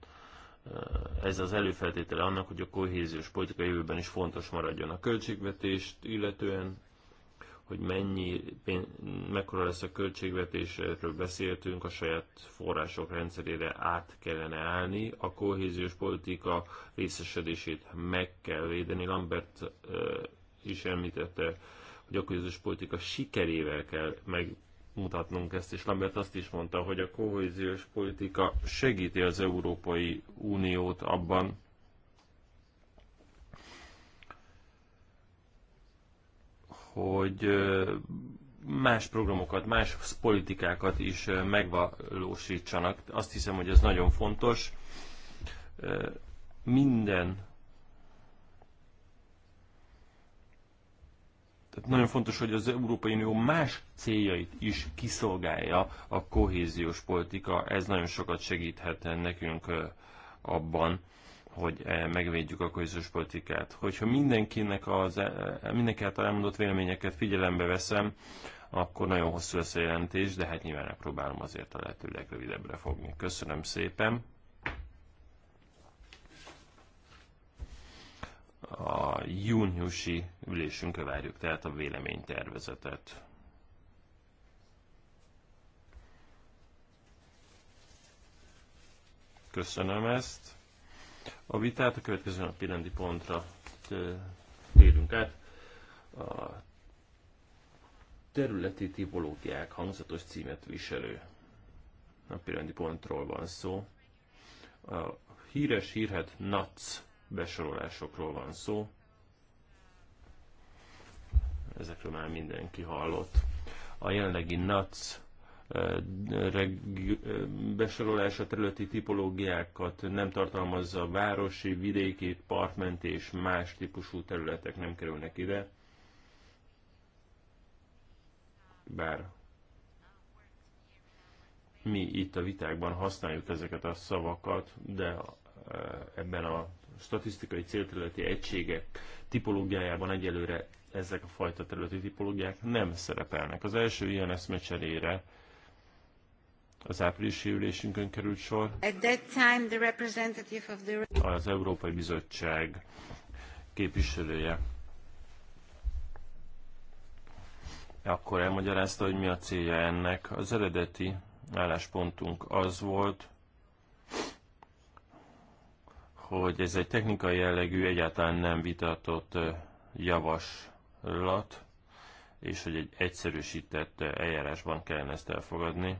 ez az előfeltétele annak, hogy a kohéziós politika jövőben is fontos maradjon a költségvetést, illetően hogy mennyi, mekkora lesz a költségvetés, erről beszéltünk, a saját források rendszerére át kellene állni, a kohéziós politika részesedését meg kell védeni. Lambert is említette, hogy a kohéziós politika sikerével kell meg mutatnunk ezt, és Lambert azt is mondta, hogy a kohéziós politika segíti az Európai Uniót abban, hogy más programokat, más politikákat is megvalósítsanak. Azt hiszem, hogy ez nagyon fontos. Minden Tehát nagyon fontos, hogy az Európai Unió más céljait is kiszolgálja a kohéziós politika. Ez nagyon sokat segíthet nekünk abban, hogy eh, megvédjük a közös politikát. Hogyha mindenkinek az, eh, mindenki által elmondott véleményeket figyelembe veszem, akkor nagyon hosszú lesz a jelentés, de hát nyilván megpróbálom azért a lehető legrövidebbre fogni. Köszönöm szépen! A júniusi ülésünkre várjuk tehát a véleménytervezetet. Köszönöm ezt! A vitát a következő napi rendi pontra térünk át. A területi tipológiák hangzatos címet viselő napirendi pontról van szó. A híres hírhet NAC besorolásokról van szó. Ezekről már mindenki hallott. A jelenlegi NAC besorolása területi tipológiákat nem tartalmazza, városi, vidéki, partmenti és más típusú területek nem kerülnek ide. Bár mi itt a vitákban használjuk ezeket a szavakat, de ebben a statisztikai célterületi egységek tipológiájában egyelőre ezek a fajta területi tipológiák nem szerepelnek. Az első ilyen eszmecserére az áprilisi ülésünkön került sor. At that time the representative of the... Az Európai Bizottság képviselője akkor elmagyarázta, hogy mi a célja ennek. Az eredeti álláspontunk az volt, hogy ez egy technikai jellegű, egyáltalán nem vitatott javaslat, és hogy egy egyszerűsített eljárásban kellene ezt elfogadni.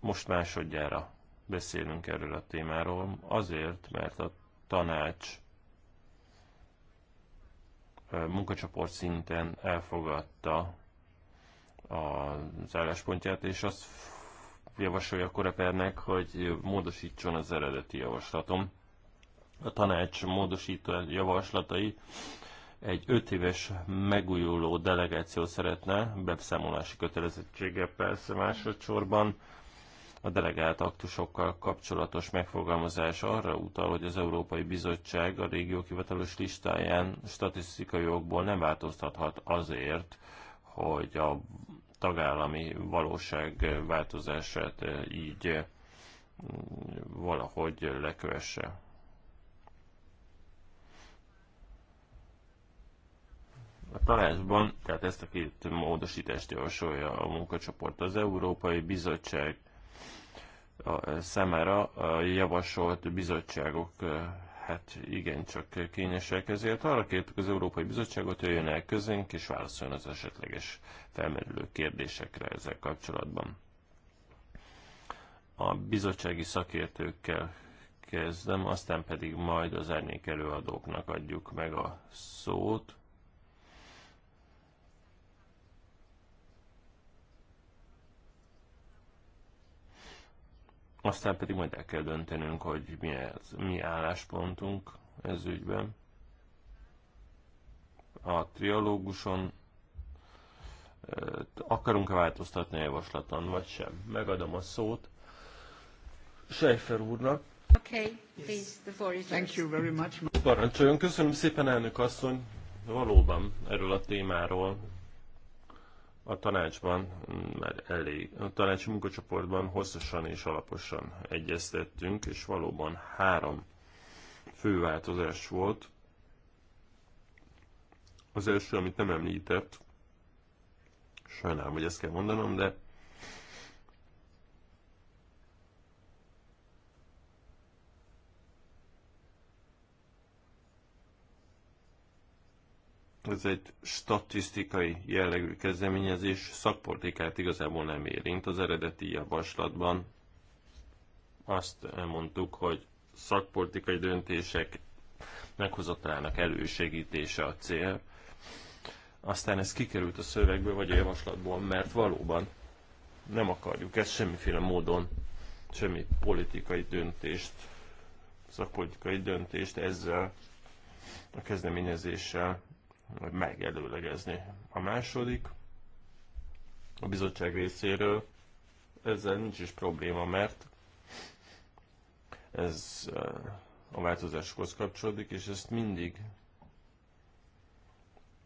Most másodjára beszélünk erről a témáról, azért, mert a tanács munkacsoport szinten elfogadta az álláspontját, és azt javasolja a korepernek, hogy módosítson az eredeti javaslatom. A tanács módosító javaslatai egy öt éves megújuló delegáció szeretne, beszámolási kötelezettséggel persze másodszorban, a delegált aktusokkal kapcsolatos megfogalmazás arra utal, hogy az Európai Bizottság a régiók hivatalos listáján statisztikai jogból nem változtathat azért, hogy a tagállami valóság változását így mm, valahogy lekövesse. A találásban, tehát ezt a két módosítást javasolja a munkacsoport, az Európai Bizottság számára a javasolt bizottságok hát igencsak kényesek, ezért arra kértük az Európai Bizottságot, jöjjön el közénk és válaszoljon az esetleges felmerülő kérdésekre ezzel kapcsolatban. A bizottsági szakértőkkel kezdem, aztán pedig majd az árnyék előadóknak adjuk meg a szót. Aztán pedig majd el kell döntenünk, hogy mi, ez, mi álláspontunk ez ügyben. A triológuson akarunk-e változtatni a javaslaton, vagy sem. Megadom a szót Seifer úrnak. Okay, Thank you very much. Parancsoljon, köszönöm szépen elnök asszony. Valóban erről a témáról a tanácsban, már elég, a tanácsi munkacsoportban hosszasan és alaposan egyeztettünk, és valóban három fő változás volt. Az első, amit nem említett, sajnálom, hogy ezt kell mondanom, de Ez egy statisztikai jellegű kezdeményezés, szakpolitikát igazából nem érint. Az eredeti javaslatban azt mondtuk, hogy szakpolitikai döntések meghozatalának elősegítése a cél. Aztán ez kikerült a szövegből vagy a javaslatból, mert valóban nem akarjuk ezt semmiféle módon, semmi politikai döntést, szakpolitikai döntést ezzel a kezdeményezéssel megelőlegezni. A második, a bizottság részéről ezzel nincs is probléma, mert ez eh, a változáshoz kapcsolódik, és ezt mindig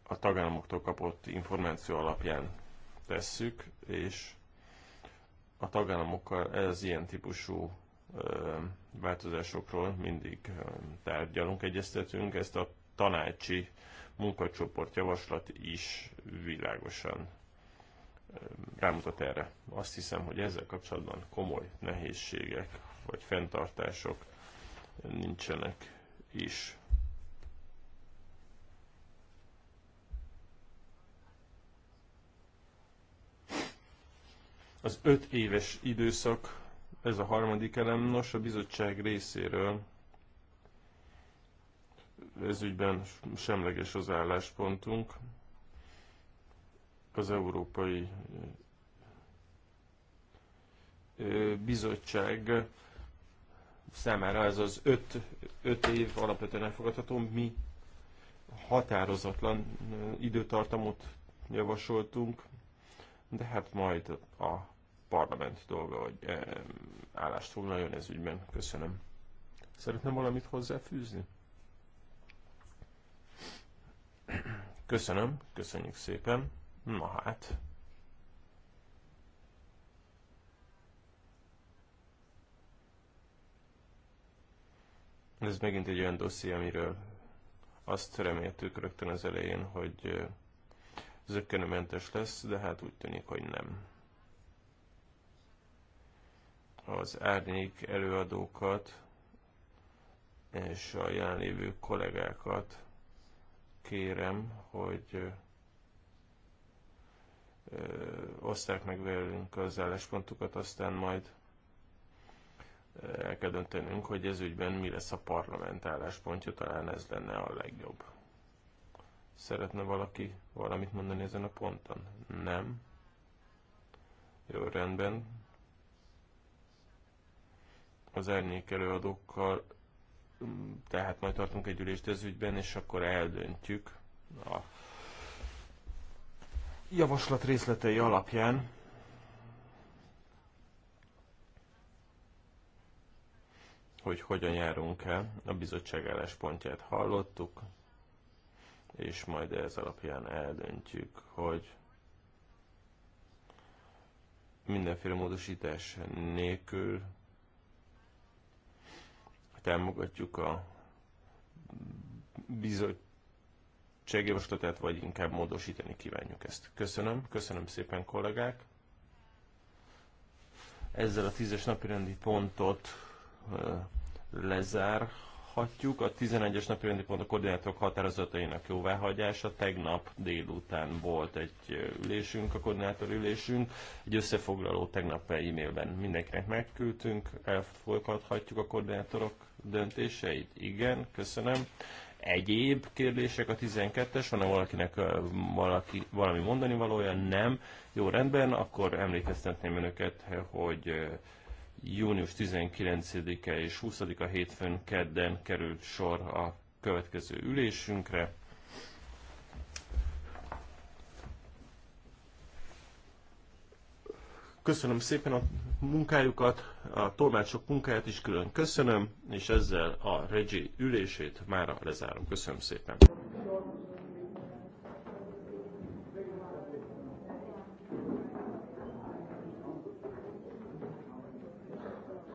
a tagállamoktól kapott információ alapján tesszük, és a tagállamokkal ez ilyen típusú eh, változásokról mindig eh, tárgyalunk, egyeztetünk, ezt a tanácsi munkacsoport javaslat is világosan eh, rámutat erre. Azt hiszem, hogy ezzel kapcsolatban komoly nehézségek vagy fenntartások nincsenek is. Az öt éves időszak, ez a harmadik elem, nos a bizottság részéről ez ügyben semleges az álláspontunk. Az Európai Bizottság számára ez az öt, öt év alapvetően elfogadható. Mi határozatlan időtartamot javasoltunk, de hát majd a parlament dolga, hogy állást foglaljon ez ügyben. Köszönöm. Szeretném valamit hozzáfűzni? Köszönöm, köszönjük szépen. Na hát. Ez megint egy olyan dosszi, amiről azt reméltük rögtön az elején, hogy zöggenőmentes lesz, de hát úgy tűnik, hogy nem. Az árnyék előadókat és a jelenlévő kollégákat kérem, hogy oszták meg velünk az álláspontukat, aztán majd el kell döntenünk, hogy ez ügyben mi lesz a parlament álláspontja, talán ez lenne a legjobb. Szeretne valaki valamit mondani ezen a ponton? Nem? Jó, rendben. Az árnyék előadókkal tehát majd tartunk egy ülést az ügyben, és akkor eldöntjük a javaslat részletei alapján. hogy hogyan járunk el. A bizottság álláspontját hallottuk, és majd ez alapján eldöntjük, hogy mindenféle módosítás nélkül támogatjuk a bizottságjavaslatát, vagy inkább módosítani kívánjuk ezt. Köszönöm, köszönöm szépen kollégák. Ezzel a tízes rendi pontot lezár folytathatjuk. A 11-es napi rendi pont a koordinátorok határozatainak jóváhagyása. Tegnap délután volt egy ülésünk, a koordinátor ülésünk. Egy összefoglaló tegnap e-mailben mindenkinek megküldtünk. Elfogadhatjuk a koordinátorok döntéseit? Igen, köszönöm. Egyéb kérdések a 12-es, van-e valakinek valaki, valami mondani valója? Nem. Jó, rendben, akkor emlékeztetném önöket, hogy június 19-e és 20-a hétfőn kedden került sor a következő ülésünkre. Köszönöm szépen a munkájukat, a tolmácsok munkáját is külön köszönöm, és ezzel a Regi ülését mára lezárom. Köszönöm szépen!